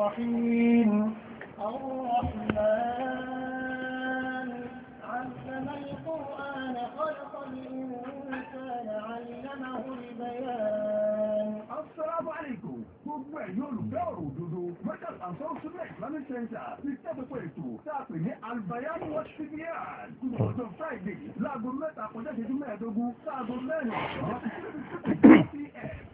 الرحيم الرحمن علم القرآن خلق الإنسان علمه البيان السلام عليكم gbogbo ẹ̀yin olùgbé ọ̀rọ̀ òdodo mercant and soul student islamic center ti tẹ́pẹ̀pẹ̀ ètò tá a pè ní albayani watch cbr ọjọ́ friday láago mẹ́ta kọjá ìṣẹ́jú mẹ́ẹ̀ẹ́dógún sáago mẹ́rin ọ̀sán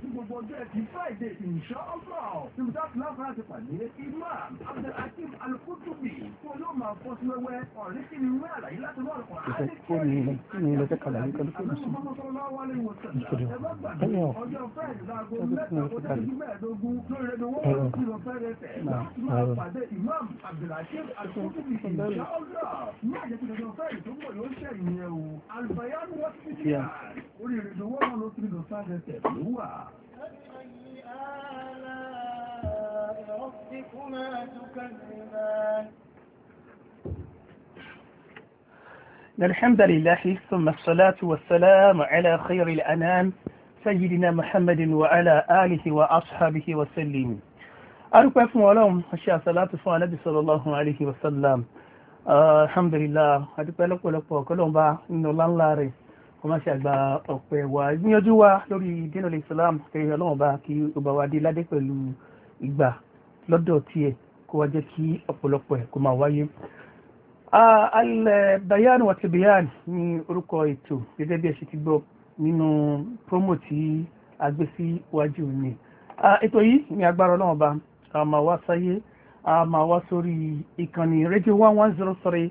ní gbogbo ọjọ́ ẹtì friday ìṣọ́ ọgbọ̀n ìbùdó àfúláfà ti pàdé imam abdulhakeem alukutubi tó yóò máa fọ́ sí wẹ́wẹ́ ọ̀rẹ́ sí ni wẹ́ àlàyé láti wọ́n ọ̀pọ̀ àdé Pàdé Imam Abdulhakeem Alukutubi ìṣọ́ ọgbọ̀n ní sí ìlú الحمد لله ثم الصلاة والسلام على خير الأنام سيدنا محمد وعلى آله وأصحابه وسلم أركبكم ولهم أشياء صلاة النبي صلى الله عليه وسلم آه، الحمد لله أركبكم ولكم وكلهم بعض إن الله لا رئيس kọ́má sí àgbà ọ̀pẹ̀ wà gbìyànjú wa lórí dínà Islam kẹrì ọlọ́run bá kí ó bá wa dé ládé pẹ̀lú ìgbà lọ́dọ̀ tiẹ̀ kó wá jẹ́ kí ọ̀pọ̀lọpọ̀ ẹ̀ kó máa wáyé. Al-Bayan wa Tibayan ni orúkọ ètò gẹ́gẹ́ bí ẹ ṣe ti gbọ́ nínú promo tí a gbé sí iwájú mi. ètò yìí ni agbára ọlọ́run bá a máa wá sáyé a máa wá sórí ìkànnì rédíò one one zero three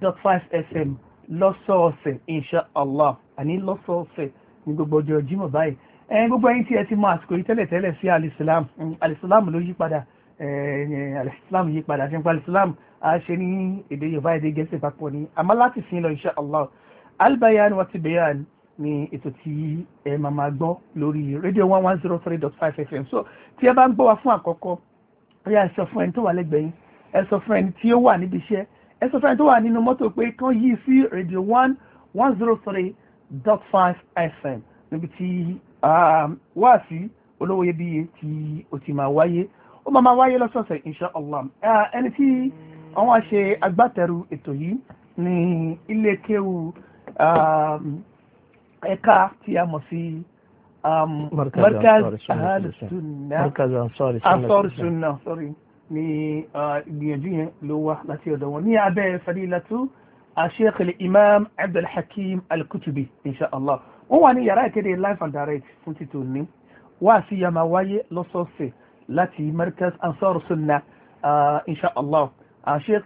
dot five FM lọ́sọ̀ọ̀sẹ̀ insha allah àní lọ́sọ̀ọ̀sẹ̀ ní gbogbo ọjọ́ Jímọ̀ báyìí ẹ̀yin gbogbo ẹ̀yin tí ẹ ti mọ àsìkò yìí tẹ́lẹ̀ tẹ́lẹ̀ sí alìsílám mm, alìsílám ló yí padà alìsílám yí padà ṣe ń pa alìsílám a ṣe ní èdè Yorùbá èdè Gẹ̀ẹ́sì papọ̀ ni àmọ́ láti fi lọ insha allah albayan wa bayan ni ètò tí ẹ máa máa gbọ́ lórí rédíò one one zero three dot five fm so tí ẹ bá ń gbọ́ wa fún àkọ́kọ́ ẹ yà sọ fún ẹni tó wà lẹ́gbẹ̀ẹ́ yín ẹ sọ fún ẹni tí ó wà níbi iṣẹ́ ẹ sọ fẹ́ni tó wà nínú mọ́tò pé kán yí sí radio one one zero three dot five fm níbi tí um, wáàsí olówó iyebíye tí o ti máa wáyé ó máa máa wáyé lọ́sọ̀ọ̀sẹ̀ inshallah ẹni tí àwọn àṣe agbátẹrù ètò yìí ní ilé kéwu um, ẹ̀ka tí a mọ̀ sí um, markaz ahal sunna ansar sunna sorry ni ìgbìyànjú yẹn ló wá láti ọ̀dọ̀ wọn ní abẹ́ fadilatu Sheikh Imam Abdul Hakim Al-Kutubi inshallah wọ́n wà ní yàrá ìkéde live and direct fún títò ní wá sí yàmà wáyé lọ́sọ̀ọ̀sẹ̀ láti Markaz Ansar Sunnah inshallah Sheikh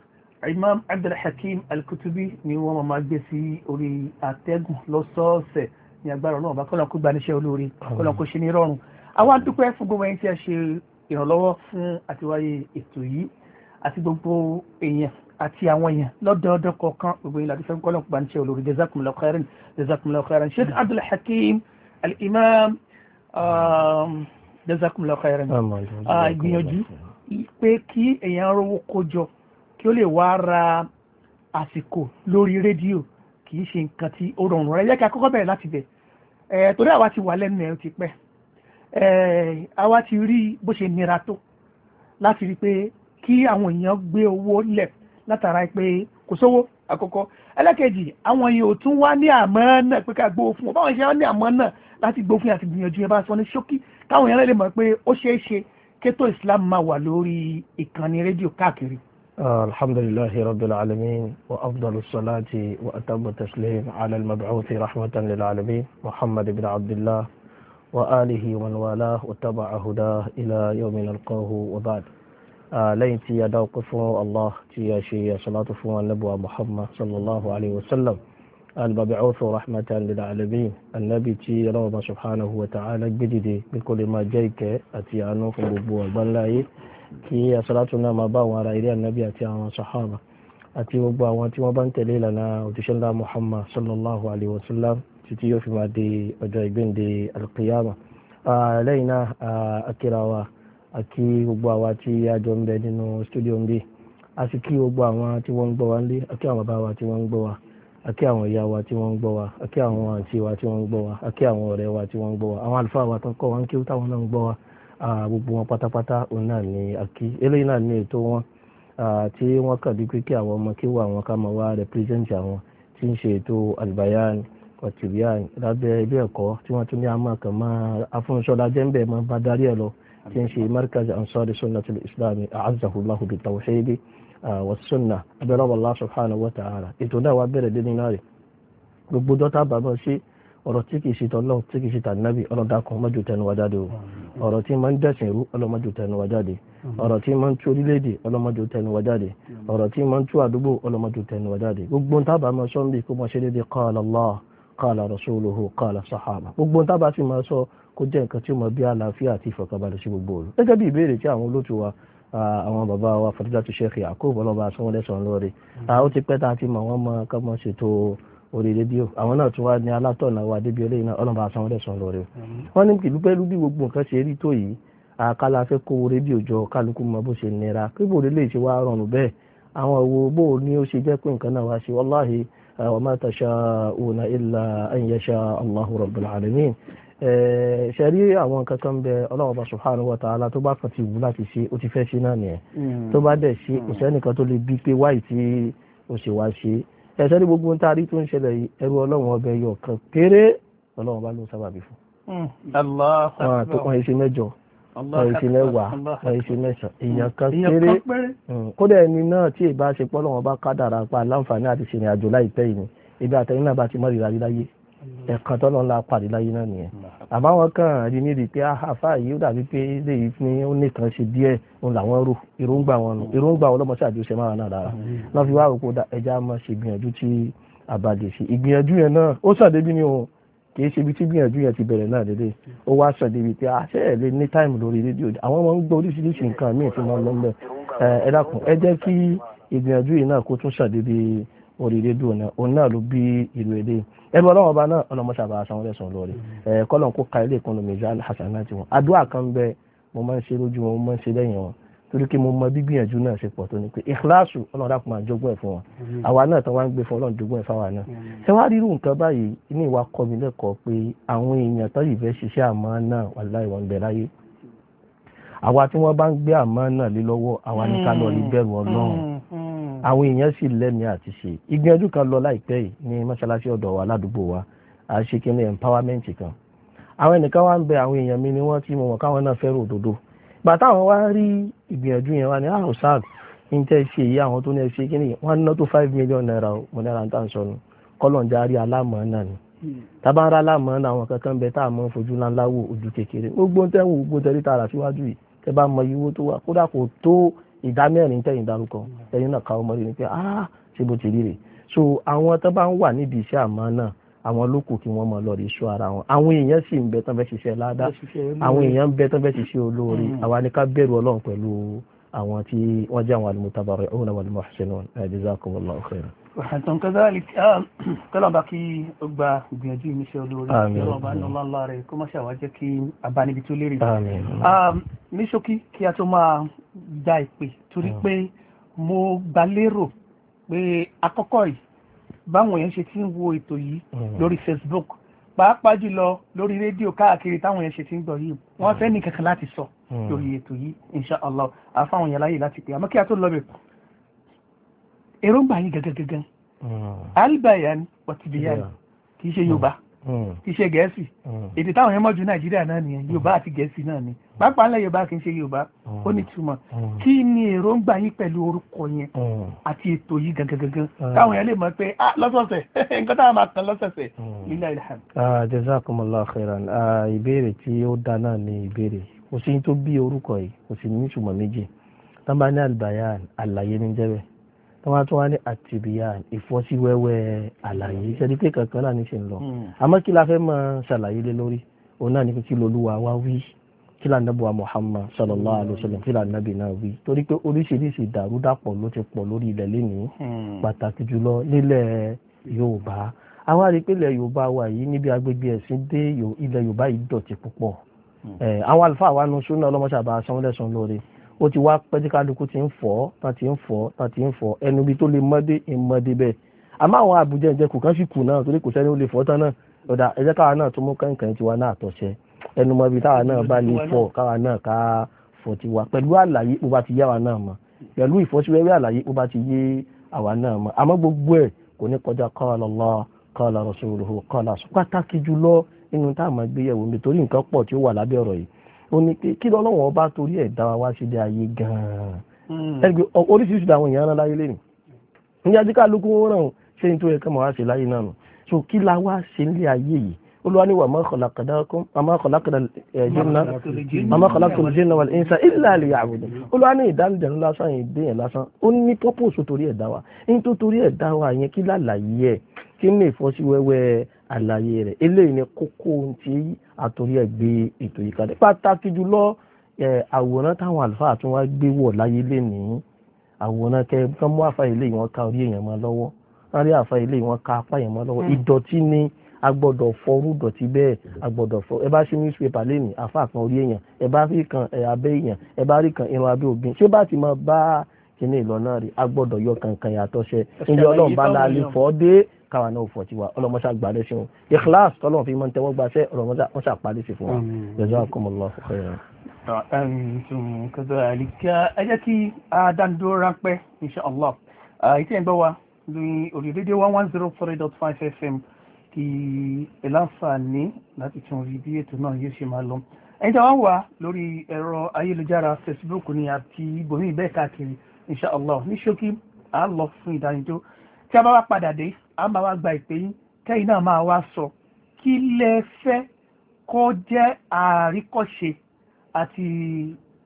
Imam Abdul Hakim Al-Kutubi ni wọ́n máa gbé sí orí àtẹ́gùn lọ́sọ̀ọ̀sẹ̀ ní agbára ọlọ́run bá kọ́lọ́n kó gbaníṣẹ́ olóore kọ́lọ́n kó ṣe ní rọrùn àwọn àdúpẹ́ fún gbogbo ẹni tí a ṣe ìrànlọ́wọ́ fún àtiwáyé ètò yìí àti gbogbo èèyàn àti àwọn èèyàn lọ́dọọdọ kọ̀ọ̀kan gbogbo ìlànà ìfẹ́ kọ́lọ̀ gbà ń ṣe olórí jazakumullahu khairan jazakumullahu khairan sheikh abdul hakim al-imam um, jazakumullahu khairan ìgbìyànjú pé kí èèyàn rówó kójọ kí ó lè wá ra àsìkò lórí rédíò kì í ṣe nǹkan tí ó rọrùn rẹ̀ yẹ kí akọ́kọ́ bẹ̀rẹ̀ láti bẹ̀ torí àwa ti wà lẹ́nu ẹ̀ ti pẹ́ Eh, àwa ti rí bó ṣe nira tó láti rí pé kí àwọn èèyàn gbé owó lẹ̀ látara pé kò sówó àkọ́kọ́ ẹlẹ́kẹ̀jì àwọn yìí ò tún wá ní àmọ́ náà pé ká gbowó fún wọn báwọn ṣe wá ní àmọ́ náà láti gbowó fún yàtì gbìyànjú yẹn bá sọ ní ṣókí káwọn èèyàn lè mọ̀ pé ó ṣeé ṣe kétó Islam máa wà lórí ìkànnì rédíò káàkiri. الحمد لله رب العالمين وأفضل الصلاة وأتم التسليم على المبعوث رحمة للعالمين محمد بن عبد الله وآله ومن والاه واتبع هداه إلى يوم نلقاه وبعد lẹ́yìn tí a dáwọ́pẹ́ fún allah tí a ṣe àṣàlátò fún anábùwà muhammad sallallahu alayhi wa sallam albabi awusu rahmatan lil alamin annabi tí ọlọ́wọ́ bá subhanahu wa ta'ala gbẹ́dìde bí kò lè máa jẹ́ ìkẹ́ àti àánú fún gbogbo àgbáńláyé kí àṣàlátò náà máa bá àwọn ará ilé annabi àti àwọn sahaba àti gbogbo àwọn tí wọ́n bá ń tẹ̀lé ìlànà òjíṣẹ́ ńlá muhammad sallallahu alayhi wa sallam títí yóò fi máa di ọjọ́ ìgbéǹde alqiyama lẹ́yìn náà akíra wa àti gbogbo àwa tí a jọ ń bẹ nínú studio ń bí a sì kí gbogbo àwọn tí wọ́n ń gbọ́ wa ń lé àkí àwọn bàbá wa tí wọ́n ń gbọ́ wa àkí àwọn ìyá wa tí wọ́n ń gbọ́ wa àkí àwọn àǹtí wa tí wọ́n ń gbọ́ wa àkí àwọn ọ̀rẹ́ wa tí wọ́n ń gbọ́ wa àwọn àlùfáà wa tó kọ́ wa ń kí táwọn náà ń gbọ́ wa gbogbo wọn pátápátá òun náà ní àkí eléyìí náà ní ọ̀tìrìàn lábẹ́ ilé ẹ̀kọ́ tí wọ́n tún ní àmọ́ kan máa afúnṣọ́lá jẹ́ńbẹ̀ máa bá darí ẹ̀ lọ tí ń ṣe markaz ansari sunnatul islami a'azzahullahu bi tawhidi wa sunna abẹ́rẹ́ Allah subhanahu wa ta'ala ètò náà wá bẹ̀rẹ̀ dé nínú rẹ̀ gbogbo dọ́tà bàbá ṣe ọ̀rọ̀ tí kìí ṣe tọ́lọ́ tí kìí ṣe tànàbí ọlọ́dàkùn mọ́jú tẹnu wa jáde o ọ̀rọ̀ tí máa ń dẹ̀sìn rú ọlọ́mọ́jú tẹnu wa jáde ọ̀rọ̀ tí máa ń tú orílẹ̀-èdè ọlọ́mọ́jú tẹnu wa jáde ọ̀rọ̀ tí máa ń tú àdúgbò ọlọ́mọ́jú tẹnu wa jáde gbogbo ń tábà máa kó máa ṣe déédéé qala Allah qala rasuluhu qala sahaba gbogbo tá a bá sì máa sọ kó jẹ́ nǹkan tí ó máa bí àlàáfíà àti ìfọ̀kànbalẹ̀ sí gbogbo òru gẹ́gẹ́ bí ìbéèrè tí àwọn olóòtú wa àwọn bàbá wa fadilatu sheikh yakub ọlọ́ba asánwọ́lẹ́sàn lórí ó ti pẹ́ tá a ti mọ̀ wọ́n mọ ká mọ̀ ṣètò orí rédíò àwọn náà tún wá ní alátọ̀nà wa débi eléyìí náà ọlọ́ba asánwọ́lẹ́sàn lórí wọ́n ní kìlú pẹ̀lú bí gbogbo nǹkan ṣe rí tó yìí àkàlà fẹ́ kó rédíò jọ kálukú mọ bó ṣe nira kí bòrè lè ṣe wá rọrùn bẹ́ẹ̀ àwọn òwò bó ní ó ṣe jẹ́ pé nǹkan náà wá ṣe wọ́láhìí وما تشاءون إلا أن يشاء الله رب العالمين ṣẹ̀rí àwọn nǹkan kan bẹ ọlọ́ọ̀bá subhanahu wa ta'ala tó bá kàn ti wù láti ṣe ó ti fẹ́ ṣe náà nìyẹn tó bá dẹ̀ ṣe kò sẹ́nìkan tó lè bí pé wáyì tí ó ṣe wá ṣe ẹ̀ṣẹ́ ní gbogbo ń tarí tó ń ṣẹlẹ̀ ẹrú ọlọ́run ọbẹ̀ yọ̀ kan péré ọlọ́run bá ló sábàbí fún. àwọn àtọkùn ẹ̀ṣẹ̀ mẹ́jọ ọ̀yẹ́sì mẹ́wàá ọ̀yẹ́sì mẹ́sàn-án èèyàn kan kéré hmm. kódà ẹni náà tí ìbá ṣe pọ́ lọ́wọ́ bá kádàrà pa láǹfààní àti ṣèrìn àjò láìpẹ́ yìí ni ibi àtẹ̀yìn náà bá ti mọ́ ìrírí láyé ẹ̀kan tọ́lọ́ ńlá pàdé láyé náà nìyẹn àmọ́ àwọn kan rí ní ìdíkẹ́ ah, àfáà yìí ó dàbí pé ilé yìí ní ó nìkan ṣe díẹ̀ òun làwọn rò èròǹgbà wọn nù èròǹgbà wọn lọ́mọṣẹ́ àjọṣe máa náà dára lọ́ fi wá òkú ẹja máa ṣègbìyànjú tí àbàdè sí ìgbìyànjú yẹn náà ó sàdébí ni òun kì í ṣe ibi tí gbìyànjú yẹn ti bẹ̀rẹ̀ náà dédé ó wá sàn débi pé àṣẹ ah, ẹ̀ lè ní táìmù lórí rédíò àwọn ọmọ ń gbọ́ oríṣiríṣi nǹkan míì tí wọ́n lọ ń bẹ̀ ẹ dákun ẹ jẹ́ kí ìgbìyànjú yìí náà kó tún sàn débi orí rédíò náà òun náà ló bí ìlú èdè ẹnu ọlọ́wọ́n ọba náà ọlọ́mọṣà bá aṣọ àwọn ẹlẹ́sùn lórí ẹ kọ́lọ́n kó ka ilé ìkọ́nọmì ìjà hasanati wọn àdúrà kan bẹ mo máa ń ṣe lójú wọn mo máa ń ṣe lẹ́yìn wọn torí kí mo mọ gbígbìyànjú náà ṣe pọ̀ tó ní pé ìkíláàsù ọlọ́run dàpọ̀ máa jogún ẹ̀ fún wọn àwa náà tán wá ń gbé fún ọlọ́run jogún ẹ̀ fáwa náà ṣé wàá rírú nǹkan báyìí ní ìwà kọ́ mi lẹ́kọ̀ọ́ pé àwọn èèyàn tó yìí fẹ́ ṣiṣẹ́ àmọ́ náà wà láì wọ́n bẹ láyé àwa tí wọ́n bá ń gbé àmọ́ náà lé lọ́wọ́ àwa ní ká lọ rí bẹ̀rù hmm. ọlọ́run hmm. Hmm. àwọn èèyàn sì lẹ́mìí ni wọ́n ti mọ̀ káwọn bàtàwọn wá rí ìgbìyànjú yẹn wá ní àwọn sáàd ní tẹ́ ṣe èyí àwọn tó ní ẹ ṣe kí ni wọ́n ná tó five million naira mo náírà ń tà ń sọnù kọ́lọ̀ járí alámọ̀ náà ni hmm. tábàárà alámọ̀ náà àwọn kankan bẹ tá a mọ̀ fojú ńláńlá wò ojú kékeré gbogbo ń tẹ́wọ̀ gbogbo tẹ́lẹ̀ tààrà síwájú yìí tẹ́ bá mọ iye tó wà kódà kò tó ìdá mẹ́rin tẹ́yìn dárúkọ ẹ̀yin náà káwọ́ mọ́rí ni pé ah ṣé bó ti rí rè so àwọn tó bá ń wà níbi iṣẹ́ àmọ́ náà àwọn lókù kí wọ́n mọ̀ lọ rí sọ ara wọn àwọn èèyàn sì ń bẹ tán fẹ́ ṣiṣẹ́ ládàá àwọn èèyàn ń bẹ tán fẹ́ ṣiṣẹ́ olóore mm. àwa ni ká bẹ̀rù ọlọ́run pẹ̀lú àwọn tí wọ́n jẹ́ àwọn al-mutabarri'una wal-muhsinun jazakumullahu khairan. ọ̀hún kadhalik ah, kọ́lọ́ba kí ó ní ọlọ́lá rẹ̀ kó má ṣàwá jẹ́ tó lérè. Ah, ní mm. pé akọ́kọ́ yìí báwọn yẹn ṣe ti ń wo ètò yìí mm. lórí Facebook pàápàá jùlọ lórí rédíò káàkiri táwọn yẹn ṣe ti ń gbọ́ yìí wọ́n fẹ́ ní kankan láti sọ mm. lórí ètò yìí inshallah àfáwọn yẹn láyè láti pè àmọ́ kí a tó lọ bẹ̀ èròǹgbà yìí gangan gangan mm. albayan wàtìbíyàn kì í ṣe Yorùbá. Hmm. iṣẹ́ gẹ̀ẹ́sì hmm. èdè táwọn yẹn mọ̀ jù nàìjíríà náà nìyẹn hmm. yorùbá àti gẹ̀ẹ́sì náà ni pàápàá ńlẹ̀ yorùbá kì í ṣe yorùbá ó ní túmọ̀ kí ni èròǹgbà yín pẹ̀lú orúkọ yẹn àti ètò yìí gangan táwọn yẹn lè mọ̀ pé ah lọ́sọ̀ọ̀sẹ̀ nǹkan táwọn máa tán lọ́sọ̀ọ̀sẹ̀ nílẹ̀ ìlànà. Ah, jazakumullahu khairan ah, ìbéèrè tí ó dá náà ni ìbéèrè kò sí tó bí orúkọ yìí kò sí ní ìtumọ̀ wọ́n á tún wá ní àtìbíyà ìfọ́síwẹ́wẹ́ àlàyé ṣe ni pé kankan náà ní ṣe ń lọ hmm. àmọ́ kí la fẹ́ máa ṣàlàyé lé lórí òun náà ní kí lolúwa wá wí kí lànàbùwà Muhammad sallallahu alayhi wa sallam kí lànàbì náà wí torí pé oríṣiríṣi ìdàrúdàpọ̀ ló ti pọ̀ lórí ilẹ̀ lénìí hmm. pàtàkì jùlọ nílẹ̀ Yorùbá àwa rí pé ilẹ̀ Yorùbá wa yìí níbi agbègbè ẹ̀sìn dé ilẹ̀ Yorùbá yìí dọ̀tí púpọ̀ hmm. àwọn àlùfáà wa nu súnà ọlọ́mọṣàbà sanwó-lẹ́sàn lóore ó ti wá pẹ́ tí kálukú ti ń fọ́ tán ti ń fọ́ tán ti ń fọ́ ẹnu ibi tó lè mọ́dé ìmọ̀dé bẹ́ẹ̀ àmọ́ àwọn àbújá ìjẹ́ kò kán sì kù náà torí kò sẹ́ni ó lè fọ́ tán náà ọ̀dà ẹ̀jẹ̀ káwa náà tó mú kẹ́ǹkẹ́ǹ tiwa náà tọ̀ṣẹ́ ẹnu mọ́ ibi táwa náà bá lè fọ́ káwa náà ká fọ́ tiwa pẹ̀lú àlàyé bó bá ti yá wa náà mọ̀ pẹ̀lú ìfọ́síwẹ́wẹ́ àlàyé bó bá ti yé àwa náà mọ̀ àmọ́ gbogbo ẹ̀ kò ní kọjá qala Allah rasuluhu qala pàtàkì jùlọ nínú táwọn gbéyẹ̀wò mi torí nǹkan pọ̀ tí ó ní pé kí lọ́lọ́wọ́n ọba torí ẹ̀ wa wá ṣe dé ayé gan-an hmm. ẹgbẹ́ oríṣiríṣi àwọn èèyàn rán láyé lè nì níjà tí kálukú wọn ràn ṣé ní tó yẹ kí mo wá la wá ṣe nílé ayé yìí Olúwa ní wa ma khalaqnal eh, jinna wal insa illa liya'budun Olúwa ní ìdánilẹ̀nu lásán yìí déyàn lásán ó ní pọ́pọ́sù torí ẹ̀dá wa ní tó torí ẹ̀dá wa yẹn kí lálàyé ẹ̀ kí ní ìfọ́síwẹ́wẹ́ àlàyé rẹ̀ eléyìí ni kókó ohun tí àtòrí ẹ̀ gbé ètò yìí kalẹ̀ pàtàkì jùlọ àwòrán táwọn àlùfáà tún wá gbé wọ̀ láyé lénìí àwòrán kẹ kán mú àfa ilé wọn ká orí èèyàn mọ́ lọ́wọ́ kán rí àfa ilé wọn ká apá èèyàn mọ́ lọ́wọ́ hmm. ìdọ̀tí ni a gbọ́dọ̀ fọrú dọ̀tí bẹ́ẹ̀ a gbọ́dọ̀ fọ ẹ bá ṣe newspaper lénìí àfa kan orí èèyàn ẹ bá rí kan abẹ́ èèyàn ẹ bá rí kan irun abẹ́ òbí ṣé bá ti máa bá kíní ìlọ náà rí a gbọ́dọ̀ yọ kankan yàtọ̀ ṣe ìyá ọlọ́run bá la lè fọ́ dé káwa náà fọ̀ tiwa ọlọ́mọṣà gbàdé sí wọn ikhlas tọ́lọ́run fi máa ń tẹ́wọ́ gbaṣẹ́ ọlọ́mọṣà parí sí fún wa jazakumullahu khairan. ẹ jẹ́ kí a dánidó inshallah ìtí ẹ̀ ń bọ́ wa lórí orílẹ̀-èdè one one zero three dot five fm kí ẹ láǹfààní láti tún rí bí ètò náà yóò ṣe máa lọ ẹ̀yin tí wọ́n wà lórí ẹ̀rọ ayélujára facebook ni àti ibòmíì bẹ́ẹ̀ káàkiri insha allah ní ṣókí à ń lọ fún ìdánijó tí a bá wá padà dé à ń bá wá gba ìpè yín kẹ́yìn náà máa wá sọ kí lẹ fẹ́ kó jẹ́ àríkọ́ṣe àti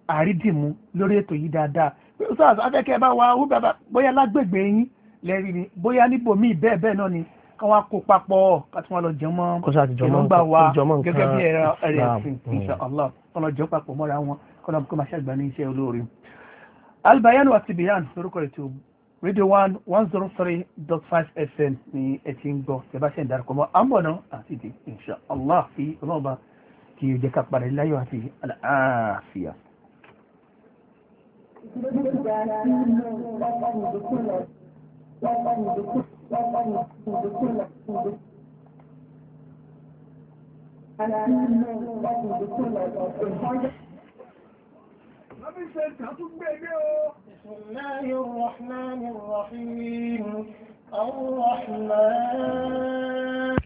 àrídìmú lórí ètò yìí dáadáa sars afẹ́kẹ́ bá wa ó bàbá bóyá lágbègbè yín lẹ́rí ni bóyá níbòmíì bẹ́ẹ̀ bẹ́ẹ̀ náà ni kí wọ́n kó papọ̀ kí wọ́n lọ jẹun mọ́ ìlọ́gbà wa gẹ́gẹ́ bí ẹ̀rọ ẹ̀rẹ̀ ẹ̀sìn insha allah kí wọ́n lọ jẹun papọ̀ mọ́ra wọn kí wọ́n lọ kó máa ṣàgbá ní iṣẹ́ olóore albayan wa tibiyan lórúkọ ètò radio one one zero three dot five fm ní ẹtì ń gbọ́ sebastian darapọ̀ mọ́ àmọ̀nà àti ìdè insha allah fi ọlọ́ọ̀ba kí o jẹ́ ká parí láyọ̀ àti àlàáfíà. Thank you mẹ́ta tún gbé ilé o. Bismillahirrahmanirrahim. Ar-Rahman.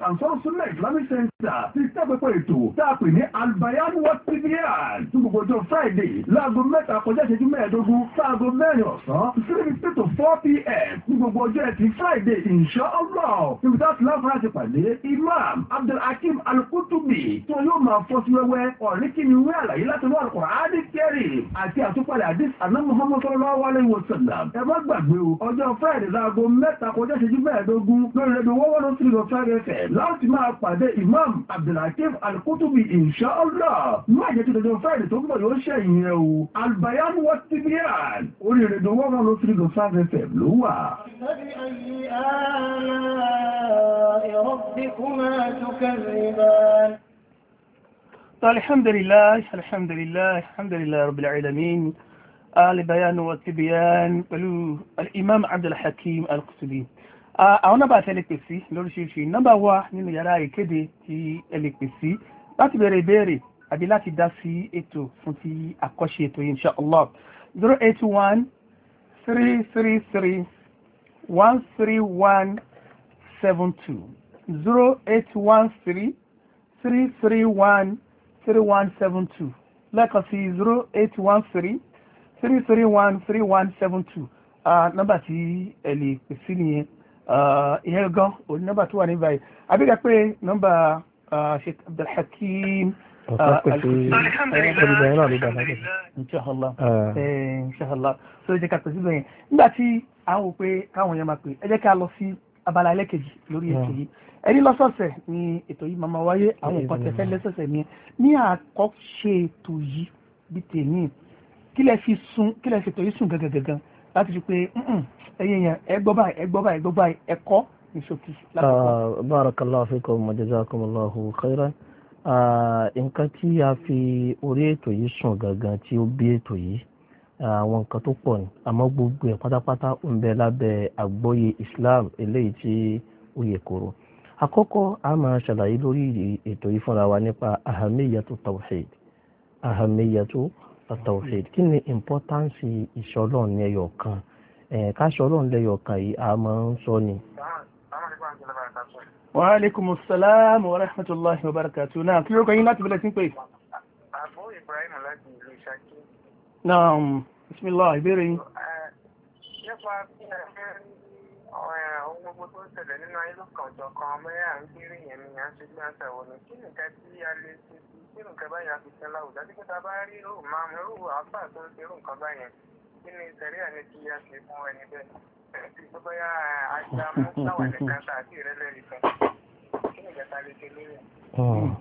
Jamaat Ansar Sunna Islamic Center ti tẹ́pẹ́pẹ́ ètò tá a pè ní Albayan wa PVR tó gbogbo ọjọ́ Friday láago mẹ́ta kọjá ìṣẹ́jú mẹ́ẹ̀ẹ́dógún sáago mẹ́rin ọ̀sán three fifteen to 4 pm ní gbogbo ọjọ́ ẹtì Friday insha Allah níbi tá a ti láǹfààní àti pàdé Imam Abdulhakeem Al-Kutubi tó yóò máa fọ́ sí wẹ́wẹ́ ọ̀rí kí ni wẹ́ àlàyé láti wá Al-Qur'ani Karim àti àtúpalẹ̀ àdìs àná Muhammad sallallahu alayhi wa sallam ẹ má gbàgbé On ọjọ́ Friday láago mẹ́ta kọjá ìṣẹ́jú mẹ́ẹ̀ẹ́dógún lórí rẹ̀ bí wọ́n on lọ sí ìlọ Friday fẹ́ láti máa pàdé imam abdulhakeem alkutubi inṣọ́lá má jẹ́ kí dandan fẹ́ẹ̀dì tó ń bọ̀ yóò ṣẹ̀yìn ẹ̀ o albayan wa tibian orí ìrìnàjò wọ́n wọn ló fi lọ sáfẹ́ fẹ́ ló wà. الحمد لله الحمد لله الحمد لله رب العالمين البيان والتبيان pẹ̀lú الإمام عبد الحكيم القسطنطيني àwọn nọ́mbà tí ẹ lè pè sí lóríṣiríṣi nọ́mbà wa nínú yàrá ìkéde tí ẹ lè pè sí láti béèrè ìbéèrè àbí láti dá sí ètò fún ti àkọ́ṣe ètò yìí inshallah zero eight one three three three one three one seven two zero eight one three three three one three one seven two lẹ́ẹ̀kan sí zero eight one three three three one three one seven two nọ́mbà tí ẹ lè nìyẹn. Eh, ìyẹn gan òní nọ́mbà tó wà ní báyìí àbíkà pé nọ́mbà eh, sheikh abdulhakeem eh, alhamdulillah inshallah ah. so jẹ́ ká pèsè lóyìn nígbà tí àwọn òpè káwọn yẹn máa pè ẹ jẹ́ ká lọ sí abala ẹlẹ́kejì lórí ah. ètò yìí ẹni lọ́sọ̀ọ̀sẹ̀ ni ètò yìí máa wáyé àwọn nǹkan tẹ̀fẹ́ lẹ́sọ̀ọ̀sẹ̀ ni ní àkọ́ṣe ètò yìí bí tèmi kí lẹ fi sun láti fi pé ẹyẹ yẹn ẹgbọ́ báyìí ẹ̀kọ́ ìṣòkì láti kọ́. Ah, barakallahu fikum wa jazakumullahu khairan ah, nǹkan tí a fi orí ètò yìí sùn gangan tí ó bí ètò yìí ah, àwọn nǹkan tó pọ̀ ni àmọ́ gbogbo ẹ̀ pátápátá ń bẹ lábẹ́ àgbọ́yé Islam eléyìí tí ó yẹ kóró àkọ́kọ́ a máa ṣàlàyé lórí ètò yìí fúnra wa nípa ahamiyatu tawhid ahamiyatu tawhid atawhid kí ni ìmpọ́tánsì ìṣọlọ́run ní ẹyọ kan ká ṣọlọ́run lẹ́yọ kan yìí a máa ń sọ ni. wa alaikumus salam wa rahmatullahi wa barakatuh náà kí ló kọ́ yín láti bẹ̀rẹ̀ sí pé. àbú ibrahim láti ìlú ṣákí. náà bismillah ìbéèrè yín. nípa bí ẹ ohun gbogbo tó ń ṣẹlẹ̀ nínú ayélujára kan ọ̀jọ̀ kan yẹn ni à ń ṣe bí wọ́n ṣàwọ̀ ní kí nìkan tí a lè ṣe kí nǹkan báyìí àfihàn láwùjọ àti kíta bá rí irú máa mú irú àáfà tó ń ṣe irú nǹkan báyẹn kí ni ìṣẹ̀rí àmì kí a ṣe fún ẹni bẹ́ẹ̀ tí ó bá yá ajá mú táwọn nìkan tá àti ìrẹ́lẹ̀ rí kan kí ni ìjẹta lè ṣe lórí ẹ̀. Hmm.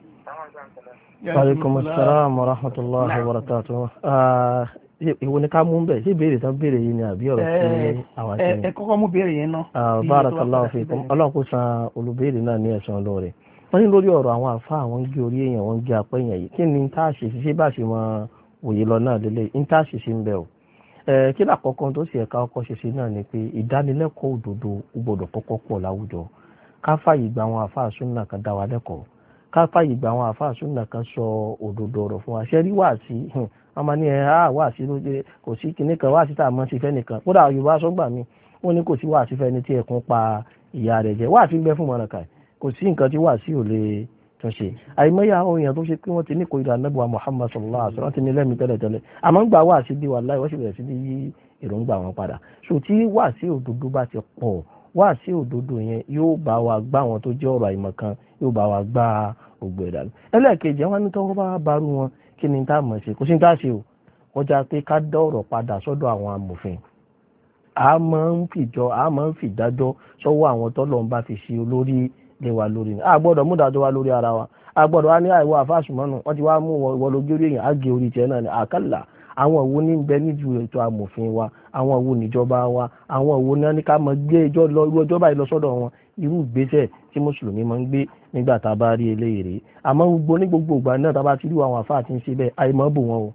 Aleykum salaam wa rahmatulahi wa barakatuh. Ah, Ìwo ni ká mú bẹ̀ sí ìbéèrè tán béèrè yìí ni àbí ọ̀rọ̀ tí eh, àwa ti. Eh, ẹ kọ́kọ́ mú béèrè yẹn náà. Ah, barakallahu fiikum. Ọlọ́run kò san olùbéèrè náà ní ẹ̀san olóore. wọ́n ní lórí ọ̀rọ̀ àwọn àfa àwọn gé orí èèyàn wọ́n gé apá èèyàn yìí kí ni tá a ṣe ṣe bá ṣe mọ òye lọ náà lélẹ̀ ní tá a ṣe ṣe ń bẹ̀ o kí ni àkọ́kọ́ tó ṣe ẹ̀ka ọkọ̀ ṣe ṣe náà ni pé ìdánilẹ́kọ̀ọ́ òdodo gbọ́dọ̀ kọ́kọ́ pọ̀ láwùjọ ká fàyè gba àwọn àfa àsúnà kan dá wa lẹ́kọ̀ọ́ ká fàyè gba àwọn kan sọ òdodo ọ̀rọ̀ wa wọ́n ní kò sí tí pa ìyá rẹ̀ jẹ́ ń bẹ fún mọ̀nàkàì kò sí nǹkan tí wà sí ò lè tún ṣe àìmọye àwọn èèyàn tó ṣe pé wọ́n ti ní kòríra anábùwà Muhammad sallallahu alaihi wasallam ti ní lẹ́mìí tẹ́lẹ̀ tẹ́lẹ̀ àmọ́ ń gbà wá sí bí wà láì wọ́n sì bẹ̀rẹ̀ sí ní yí èròǹgbà wọn padà so tí wà sí òdodo bá ti pọ̀ wà sí òdodo yẹn yóò bá wa gbá àwọn tó jẹ́ ọ̀rọ̀ àìmọ̀ kan yóò bá wa gbá ògbó ẹ̀dá lọ ẹlẹ́ẹ̀kejì àwọn ẹni tó bá barú wọn kí ni tá mọ̀ ṣe kò sí tá ṣe o kọjá pé ká dá padà sọ́dọ̀ àwọn amòfin a máa ń fìjọ a máa ń fìdájọ́ sọ́wọ́ àwọn tọ́lọ́ ń bá fi ṣe olórí lé wa lórí ni a gbọ́dọ̀ mú dájọ́ wa lórí ara wa a gbọ́dọ̀ wá ní àìwọ àfàsùmọ́nù wọ́n ti wá mú ìwọ lójú orí èèyàn á gé orí tiẹ̀ náà ni àkàlà àwọn òwò ní bẹ níjú ètò amòfin wa àwọn òwò níjọba wa àwọn òwò náà ní ká mọ gbé ẹjọ́ lọ irú ọjọ́ báyìí lọ sọ́dọ̀ wọn irú ìgbésẹ̀ tí mùsùlùmí máa ń gbé nígbà tá a bá rí eléyìí rèé àmọ́ gbogbo ní gbogbo ìgbà náà tá a bá ti rí àwọn àfáà tí ń ṣe bẹ́ẹ̀ àìmọ́ bò wọn o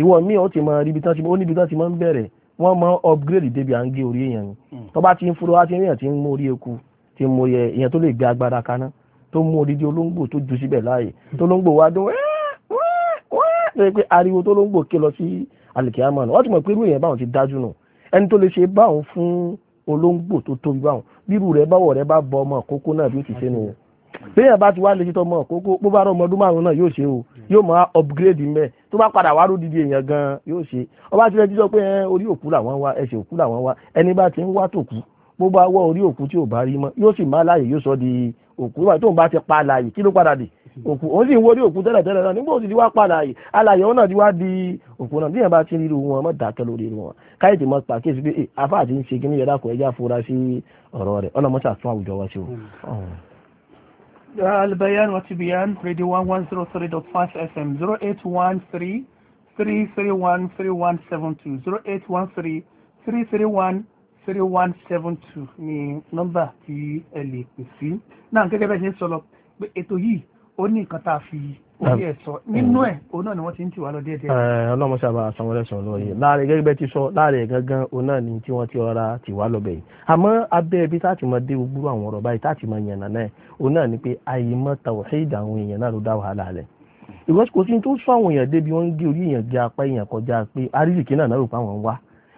ìwọ míì ó ti mọ ibi tán ó níbi tán ti máa ń bẹ̀rẹ̀ wọ́n mọ upgrade débi à ń gé orí èèyàn ni hmm. tó bá ti ń fúru wá ti ń rí èèyàn ti ń mú orí eku tí mo yẹ ìyẹn tó lè gbé agbára kaná tó mú odidi olóńgbò tó ju síbẹ̀ láàyè tó lóńgbò wá dún wẹ́ẹ́ pé ariwo tó lóńgbò ké lọ sí alikiyama náà wọ́n ti mọ̀ pé irú èèyàn báwọn ti dájú nù ẹni tó lè ṣe báwọn fún olóńgbò tó tóbi báwọn bírú rẹ báwọ̀ rẹ bá bọ ọmọ kókó náà bí ó ti ṣe nìyẹn bẹ́ẹ̀ bá ti wá lè ṣe tọmọ kókó bó bá rọ ọmọ ọdún márùn náà yóò ṣe o yóò máa upgrade mẹ́ tó bá padà wárò dídí èèyàn gan yóò ṣe ọba ti rẹ jíjọ pé orí òkú làwọn wá ẹsẹ̀ òkú làwọn wá ẹni bá ti ń wá tòkú bó bá wọ́ orí òkú tí ò bá rí mọ́ yóò sì má láàyè yóò sọ di òkú nígbà tó ń bá ti pa láàyè kí ló padà dì òkú òun sì ń worí òkú tẹ́lẹ̀ tẹ́lẹ̀ náà nígbà òsì ti wá padà yìí alàyè òun náà ti wá di òkú náà bíyànjú bá ti rí irú wọn mọ́ dákẹ́ lórí irú wọn káyọ̀ tí mo pa kí èsì pé afá àti ń kí ní yẹn dákun ẹja fura sí ọ̀rọ̀ rẹ̀ ọ̀nà mọ́tà tún àwùjọ wa sí o. albayan wa tibiyan radio one one zero three dot five fm zero eight one three three three one three one seven two zero eight one three three three one three one seven two ni nọ́mbà tí ẹ lè pè sí náà gẹ́gẹ́ bẹ́ẹ̀ ṣe ń sọ lọ pé ètò yìí ó ní nǹkan tá a fi orí ẹ̀ sọ nínú ẹ̀ òun náà ni wọ́n ti ń tì wá lọ díẹ̀ díẹ̀. ọlọ́mọ sábà sanwó-ọlẹ́ sọ̀rọ̀ lọ yìí láàrin gẹ́gẹ́ bẹ́ẹ̀ ti sọ láàrin gangan òun náà ni tí wọ́n ti ọ̀ra tì lọ bẹ̀yìí àmọ́ abẹ́ ibi tá a ti mọ dé gbúrú àwọn ọ̀rọ̀ báyìí tá a ti mọ yànnà náà òun náà ni pé àyèmọ́ tawhid àwọn èèyàn dá wàhálà rẹ̀ ìwọ́sí kò sí tó sọ àwọn èèyàn débi wọ́n ń gé orí èèyàn gé apá èèyàn kọjá pé arísìkí náà náà rò pé àwọn ń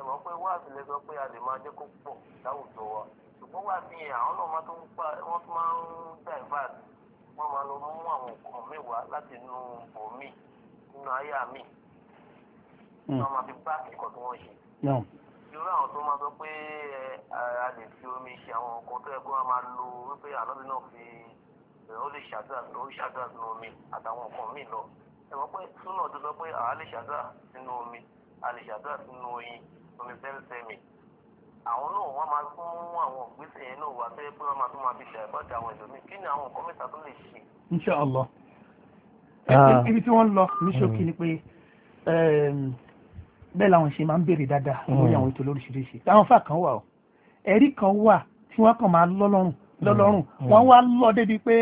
ẹ̀mọ́ pé wáàsí lè sọ pé a lè máa jẹ́ kó pọ̀ láwùjọ wa ṣùgbọ́n wáàsí yẹn àwọn náà tó ń pa wọ́n tó máa ń divert wọ́n máa lọ mú àwọn nǹkan mẹ́wàá láti inú bòmí nínú àyà mi hmm. wọ́n máa fi bá ẹ̀kọ́ tí wọ́n ṣe. irú àwọn tó máa sọ pé a lè fi omi ṣe àwọn nǹkan tó yẹ kó máa lo wípé àlọ́bí náà fi ó lè ṣàdúrà ó ṣàdúrà sínú omi àtàwọn nǹkan míì lọ ẹ̀mọ́ pé súnà tó sọ pé àá lè ṣàdúrà sínú omi a lè ṣàdúrà sínú oyin olùsẹ́nsẹ́mì àwọn náà wọ́n máa tún mú àwọn ògbésẹ̀ yẹn náà wá sẹ́yẹ́ pé wọ́n máa tún máa fi ṣàìbọ̀dà àwọn ẹlòmíì kí ni àwọn nǹkan mẹ́ta tó lè ṣe. Insha Allah ah. ibi tí wọ́n lọ ní ṣókí hmm. ni pé ehm, bẹ́ẹ̀ làwọn ṣe máa ń béèrè dáadáa hmm. lórí àwọn ètò lóríṣiríṣi àwọn fà kan wà ó ẹ̀rí kan wà tí wọ́n kàn máa lọ́lọ́rùn lọ́lọ́rùn hmm. wọ́n wá lọ débi pé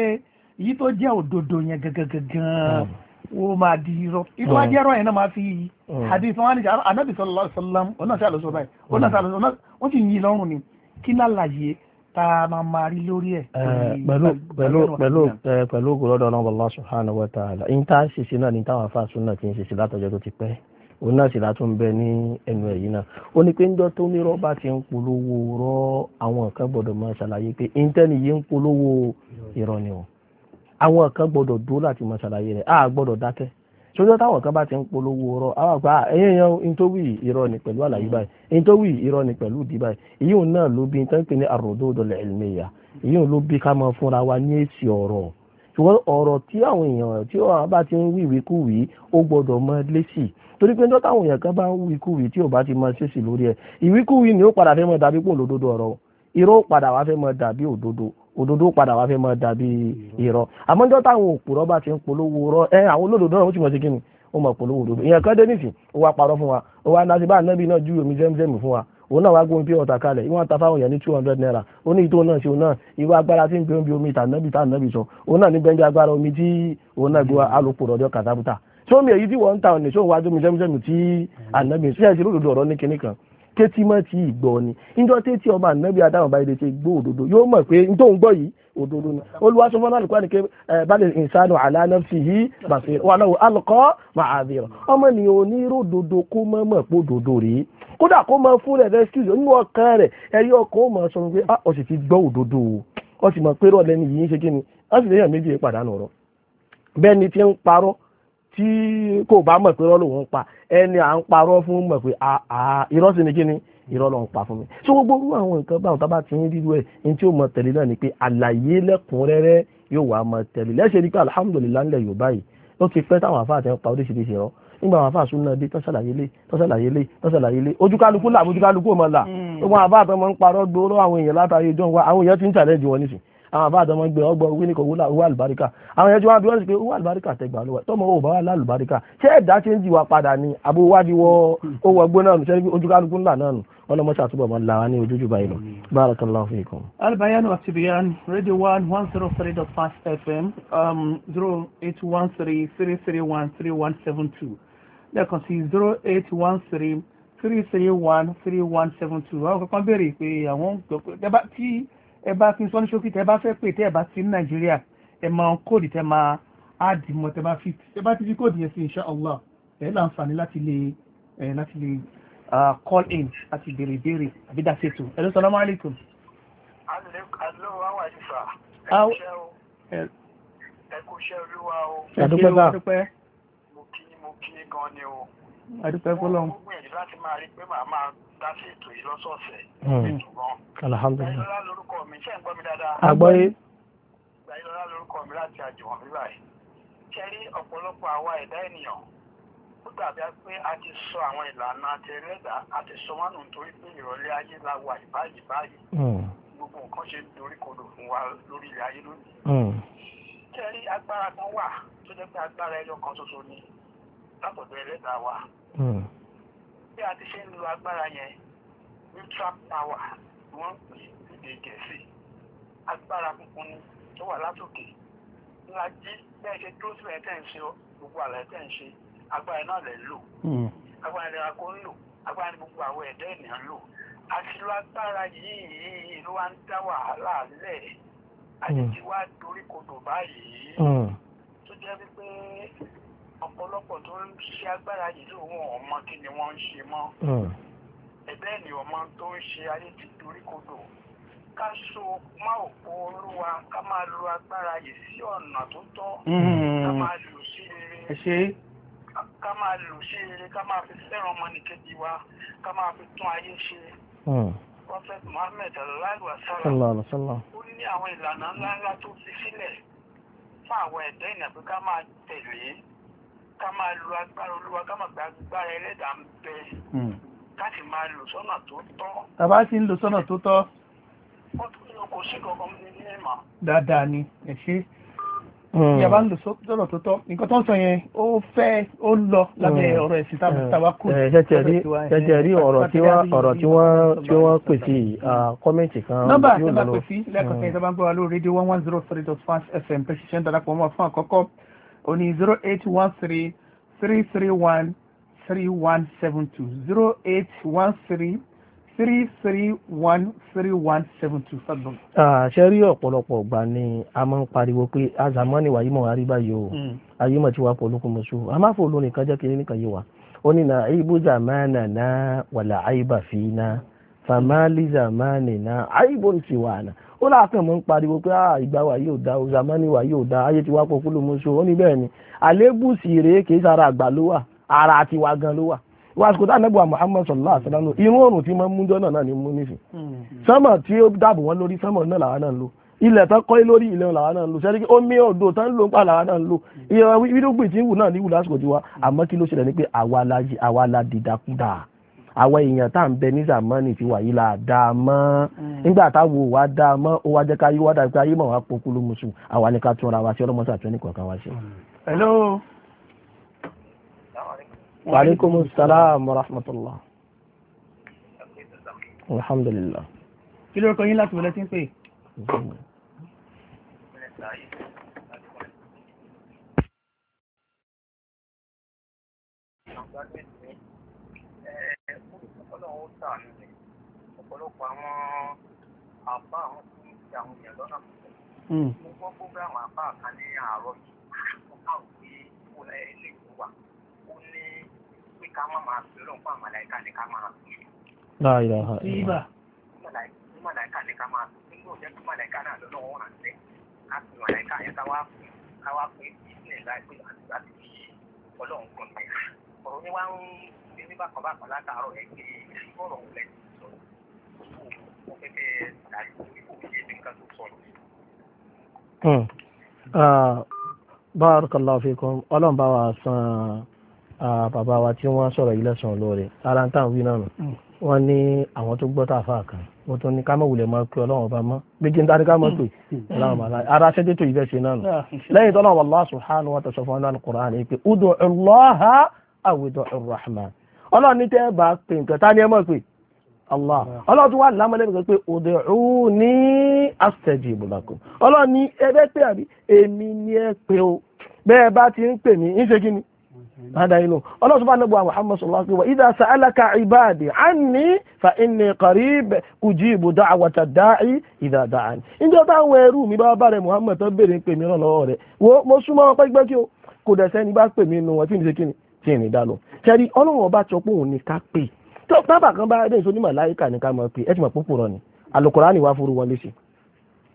èyí tó jẹ́ òdodo yẹn gangan wo máa di irọ́ hmm. irọ́ ajé ẹ̀rọ yẹn náà máa fi hmm. hadith wọn á ní sọ anabi sallallahu alaihi wasallam ọ̀nà sí àlọ́sọ báyìí ọ̀nà sí àlọ́sọ wọ́n sì ń yí lọ́rùn ni kí lálàyé tá a máa máa rí lórí ẹ̀. Eh, pẹ̀lú pẹ̀lú pẹ̀lú pẹ̀lú eh, ògùrọ̀dọ̀ ọlọ́run Allah subhanahu wa ta'ala n ta ṣèṣe náà ní táwọn afáàsùn náà ti ń ṣèṣe látọjọ́ tó ti pẹ́ òun náà sì látún bẹ ní ẹnu ẹ̀yìn náà ó ní pé ńjọ́ tó ní rọ́bà ti ń polówó rọ́ àwọn kan gbọ́dọ̀ máa ṣàlàyé pé íńtẹ́nì yìí ń polówó irọ́ ni o àwọn kan gbọ́dọ̀ dúró láti máa ṣàlàyé rẹ̀ a gbọ́dọ̀ dákẹ́ sójú táwọn kan bá ti ń polówó ọ̀rọ̀ àwọn àgbà ah, ẹyẹ yan ntówì irọ́ ni pẹ̀lú àlàyé báyìí ntówì irọ́ ni pẹ̀lú ìdí báyìí ìyóò náà ló bí nǹkan pè ní àròdòdò lẹ́ẹ̀lmẹ́yà ìyóò ló bí ká máa fúnra wa ní èsì ọ̀rọ̀ ṣùgbọ́n ọ̀rọ̀ tí àwọn èèyàn tí wọ́n bá ti ń wíwí ó gbọ́dọ̀ mọ lésì torí pé nítorí táwọn èèyàn kan bá ń wíwí tí ò bá ti mọ ṣèṣì lórí ẹ̀ ìwíkúwì ni ó padà fẹ́ mọ dàbí pò lódodo ọ̀rọ̀ irọ́ padà wá fẹ́ mọ dàbí òdodo òdodo padà wá fẹ́ máa dàbí irọ́ àmọ́jọ́ táwọn òpùrọ́ bá ti ń polówó rọ ẹ àwọn olódodo náà ó sì mọ̀ sí kí ni ó mọ̀ polówó òdodo ìyẹn kan dé nìsín ó wá parọ́ fún wa ó wá náà ti bá ànábì náà júwe omi zẹ́mzẹ́m fún wa òun náà wá gbóhun pé ọ̀tà kalẹ̀ ìwọ̀n ta fáwọn èèyàn ní two hundred naira ó ní ìtò náà ṣe òun náà irú agbára tí ń gbé omi omi tànàbì tànàbì sọ òun náà ní bẹ́ńdé agbára omi tí òun náà gbé wa alòpò rọ̀jọ́ kàtàkùtà sómi èyí tí wọ́n ń ta ọ̀nà ìṣòwò wájú mi tí ànábì ṣíṣe ìṣèlú òdodo ọ̀rọ̀ ní kinní kan tétí ti ìgbọ́ ni níjọ́ tétí ọmọ ànábì adáhùn bá ìdẹ́sẹ̀ gbọ́ òdodo yóò mọ̀ pé n tó ń gbọ́ yìí òdodo ni olùwàsó fún alùpùpù àdìkẹ́ balẹ̀ ìsánù àlànà fi yí bàfẹ́ wàlọ́wọ́ alùkọ́ máa bẹ̀rẹ̀ ọmọ ni onírò dodo kó mọ́ mọ̀ pé òdodo rèé kódà kó mọ fún rẹ̀ rescue nínú ọkàn rẹ̀ ẹ̀rí ọkàn ó mọ sọ pé ah, ó sì ti gbọ́ òdodo sì mọ̀ pé tí kò bá mọ̀ pé irọ́ lòun ń pa ẹni à ń parọ́ fún mọ̀ pé ah, ah, irọ́ sì ni kí ni irọ́ lòun pa fún mi. so gbogbo irú àwọn nǹkan báwọn tá bá ti ń rírú ẹ̀ ní tí ó mọ tẹ̀lé náà ni pé àlàyé lẹ́kùnrẹ́rẹ́ yóò wá mọ tẹ̀lé lẹ́sẹ̀ rí pé alihamudulilayi ńlẹ̀ yorùbá yìí ó ti pẹ́ táwọn àfáà ti ń pa oríṣiríṣi rọ́ nígbà àwọn àfáà súnà dé tọ́sàlàyé lé tọ́sàlàyé lé tọ́sàlàyé lé ojúkálukú làbójúkálukú ò mọ̀ là hmm. gbogbo àwọn àfáà tó mọ̀ ń parọ́ wa àwọn èèyàn ti ń challenge wọn àwọn àbá àtọmọ gbé ọgbọ wí ní kò wúlà owó àlùbáríkà àwọn ẹjọ́ wọn bí wọ́n sì pé owó àlùbáríkà tẹgbà lọ́wọ́ tọmọ owó bá wà lálùbáríkà ṣé ẹ̀dá ṣe ń jìwà padà ni àbó wájú wọ owó ọgbó náà nù ṣe ojú kálukú ńlá náà nù wọn lọmọ ṣàtúbọ̀ mọ́ làwọn ní ojújú báyìí lọ barakallahu fikum. albayanu àti biyan radio one one zero three dot five fm um, zero eight one three three three one three one seven two lẹ́ẹ̀kan sí zero eight one three three three one three one seven two àwọn kankan béèrè pé àwọn gbọ́ ẹ bá fi sọ ní ṣókí tẹ bá fẹ́ pè tẹ ẹ bá ti ní nàìjíríà ẹ máa kóòdì tẹ máa áàdì mọ tẹ bá fi tẹ bá ti fi kóòdì yẹn sí insha allah ẹ láǹfààní láti lè ẹ láti lè call in àti béèrè ìbéèrè àbí dàṣètò ẹ lọ sọlá maaleykum. alo awa ifa ẹ kò ṣe olúwa o. ẹ kò ṣe olúwa o. mo kí mo kí gan ni o adúpẹ́ fọlọ́run. mo gbìyànjú láti máa rí pé màá máa dá sí ètò yìí lọ́sọ̀ọ̀sẹ̀. Hmm. alhamdulilayi. ìgbàlódé lórúkọ mi ṣé ń gbọ́ mi dáadáa. àgbọ́yé. ìgbàlódé lórúkọ mi láti àjùmọ̀ mi báyìí. kẹ́rí ọ̀pọ̀lọpọ̀ àwa ẹ̀dá ènìyàn ó dàbí pé a ti sọ àwọn ìlànà àtẹrẹ́dà a ti sọ wọn nù nítorí pé ìrọ̀lẹ́ ayé la wà báyìí báyìí hmm. gbogbo nǹkan ṣe ń dorí kodò fún wa lórí ilẹ̀ ayé lónìí. kẹ́rí hmm. agbára kan wà tó jẹ́ pé agbára ẹyọ kan ṣoṣo ni látọ̀dọ̀ ẹlẹ́dà wa hmm. bí a ti ṣe ń lo agbára yẹn neutral power ni wọ́n ń pè nídìí gẹ̀ẹ́sì agbára funfun ni tó wà látòkè ńlá jí bẹ́ẹ̀ ṣe dúró sílẹ̀ tẹ̀ ń ṣe gbogbo àlàyé tẹ̀ ń ṣe agbára náà lẹ̀ ń lò hmm. agbára ìlera kò ń lò agbára ní gbogbo àwọn ẹ̀dá ènìyàn lò àti lo agbára yìí ló wá ń dá wàhálà lẹ̀ àti ti hmm. wá dorí báyìí tó jẹ́ wípé ọ̀pọ̀lọpọ̀ tó ń ṣiṣẹ́ agbára yìí ló wọn ọmọ kí ni wọ́n ń ṣe mọ́ hmm. ẹ̀bẹ́ ni ọmọ tó ń ṣe ayé ti dorí kodò ká so má òpó olúwa ká máa lo agbára yìí sí ọ̀nà tó tọ́ hmm. ká máa lò sí rere ká máa lò sí rere ká máa fi fẹ́ràn ọmọnìkejì wa ká máa fi tún ayé ṣe hmm. prophet muhammed aláàlú ó ní àwọn ìlànà ńláńlá tó fi sílẹ̀ fún àwọn ẹ̀dá ìnàgbé ká máa tẹ̀lé ká máa lo agbára olúwa ká máa gba agbára ẹlẹ́dàá ń bẹ hmm. ká sì máa lò sọ́nà tó tọ́. bàbá ti ń lo sọ́nà tó tọ́. kò sí kankan ní ìmọ̀. dáadáa ni ẹ ṣe ìyàbá hmm. ń lò sọ́nà tó tọ́ nǹkan tó ń sọ yẹn ó fẹ́ ó lọ lábẹ́ hmm. ọ̀rọ̀ ẹ̀sìn tábà kù. ṣẹ̀ṣẹ̀ rí ọ̀rọ̀ tí wọ́n tí wọ́n pè sí kọ́mẹ̀ntì kan. nọ́mbà tí wọ́n bá lẹ́kọ̀ọ́ kẹ́yìn tó bá ń gbọ́ wa lórí rédíò one one zero three dot five fm pẹ̀sìṣẹ́ ń darapọ̀ mọ́ fún àkọ́kọ́ ó ní zero eight one three three three one three one seven two zero eight one three three three one three one seven two sábà. ṣe rí ọ̀pọ̀lọpọ̀ ọ̀gbà ni a máa ń pariwo pé azamani wàyí mọ̀ àrí báyìí o hmm. ayé mọ̀ tí wàá pọ̀ olókùn na ibùdó àmàna náà wàlà àyíbà fi náà fàmálì zamani náà àyíbò ń ti ó láàkàn mọ́ ń pariwo pé ah ìgbà wa yóò da o zamani wa yóò da ayé ti wá kó kúlò mọ́ṣọ́ ó ní bẹ́ẹ̀ ni àlébù rèé kì í àgbà ló wà ara àti wa gan ló wà wá àsìkò táwọn ẹgbẹ́ wa Muhammad sallallahu alaihi wasallam irun oòrùn tí wọ́n mú jọ́nà náà ni mú nífẹ̀ẹ́ sánmọ̀ tí ó dáàbò wọn lórí sánmọ̀ náà làwọn náà ń lò ilẹ̀ tán kọ́ lórí ilẹ̀ làwọn náà ń lò sẹ́rí omi odò tán ló ń pa làwọn náà ń lò irúgbìn tí ń wù náà ní wù lásìkò tiwa àmọ́ kí ló ṣẹlẹ̀ ni pé àwa la dìdàkudà àwọn èèyàn tá à ń bẹ ní zamani ti wà yìí la dá a mọ́ mm. nígbà táwo wa dá a mọ́ ó wá jẹ́ ká yí wá dá pé ayé mọ̀ wá pokulu musu àwa ni ká tún ara wa ṣe ọlọ́mọ sàtún ní kọ̀ọ̀kan wa ṣe. Mm. hello. wa aleykum salaam wa rahmatulah. alhamdulilah. kí ló rọ yín láti wọlé tí ń pè. Gracias sàánú rẹ̀ ọ̀pọ̀lọpọ̀ àwọn àbá àwọn tó ń ti àwọn èèyàn lọ́nà púpọ̀ hmm. mo gbọ́ gbogbo àwọn àbá kan ní àárọ̀ yìí mo bá wò pé ó lẹ́ ilé ìlú wa ó ní pé ká má máa fi ọlọ́run fún àmàlàíkà ní ká máa fi. láìra ha ìbá. màlàíkà ní ká máa fi nígbà òjẹ́ kí màlàíkà náà lọ́nà wọn hàn sílẹ̀ ká fi màlàíkà yẹn ká wá pé ká wá pé ìsìn ẹ̀ láì àti ọ̀rọ̀ ni wá ń ṣe ní bákan bákan látàárọ̀ ẹ̀ pé ìfọ̀rọ̀ ń lẹ̀ sọ mo fẹ́ fẹ́ dàrí kó yé mi nǹkan tó sọ yìí. Hmm. Ah, barakallahu fikum ọlọ́run bá wa san ah, bàbá wa tí wọ́n sọ̀rọ̀ yìí lẹ́sàn lóore ara ń wí náà nù hmm. wọ́n ní àwọn tó gbọ́ tàfà kan wọ́n tún ní ká máa pé ọlọ́run ọba mọ́ méjì ń darí ká pé hmm. ọlọ́run ọba ara ṣẹ́jú yìí fẹ́ ṣe náà nù ah, lẹ́yìn tọ́lọ́run Allah subhanahu wa ta'ala sọ fún ọ́nà al-Qur'an pé ud'u Allah àwùjọ rahman ọlọ́run ní tẹ́ bá pè nǹkan tá ní ẹ mọ̀ pé allah ọlọ́run tó wà lámọ́lẹ́ nǹkan pé ud'uni astajib lakum ọlọ́run ní ẹgbẹ́ pé àbí èmi ni ẹ pé o bẹ́ẹ̀ bá ti ń pè mí ń ṣe kí ni هذا يلو الله سبحانه وتعالى محمد صلى الله عليه وسلم وإذا سألك عبادي عني فإني قريب أجيب دعوة الداعي إذا دعاني إن جاء دعوة رومي بابا محمد تبيرين كميرا لوري ومسوما وقيق بكيو كودساني باك بمينو وتيني سكيني tí ìrìn dá lọ ṣẹ́rí ọlọ́run ọba sọ pé òun ni ká pè tó bábà kan bá dé ìsọdún màláìkà ní ká máa pè ẹ ti mọ̀ púpọ̀ rọ ni Al-Qur'ani wá fúru wọn léṣe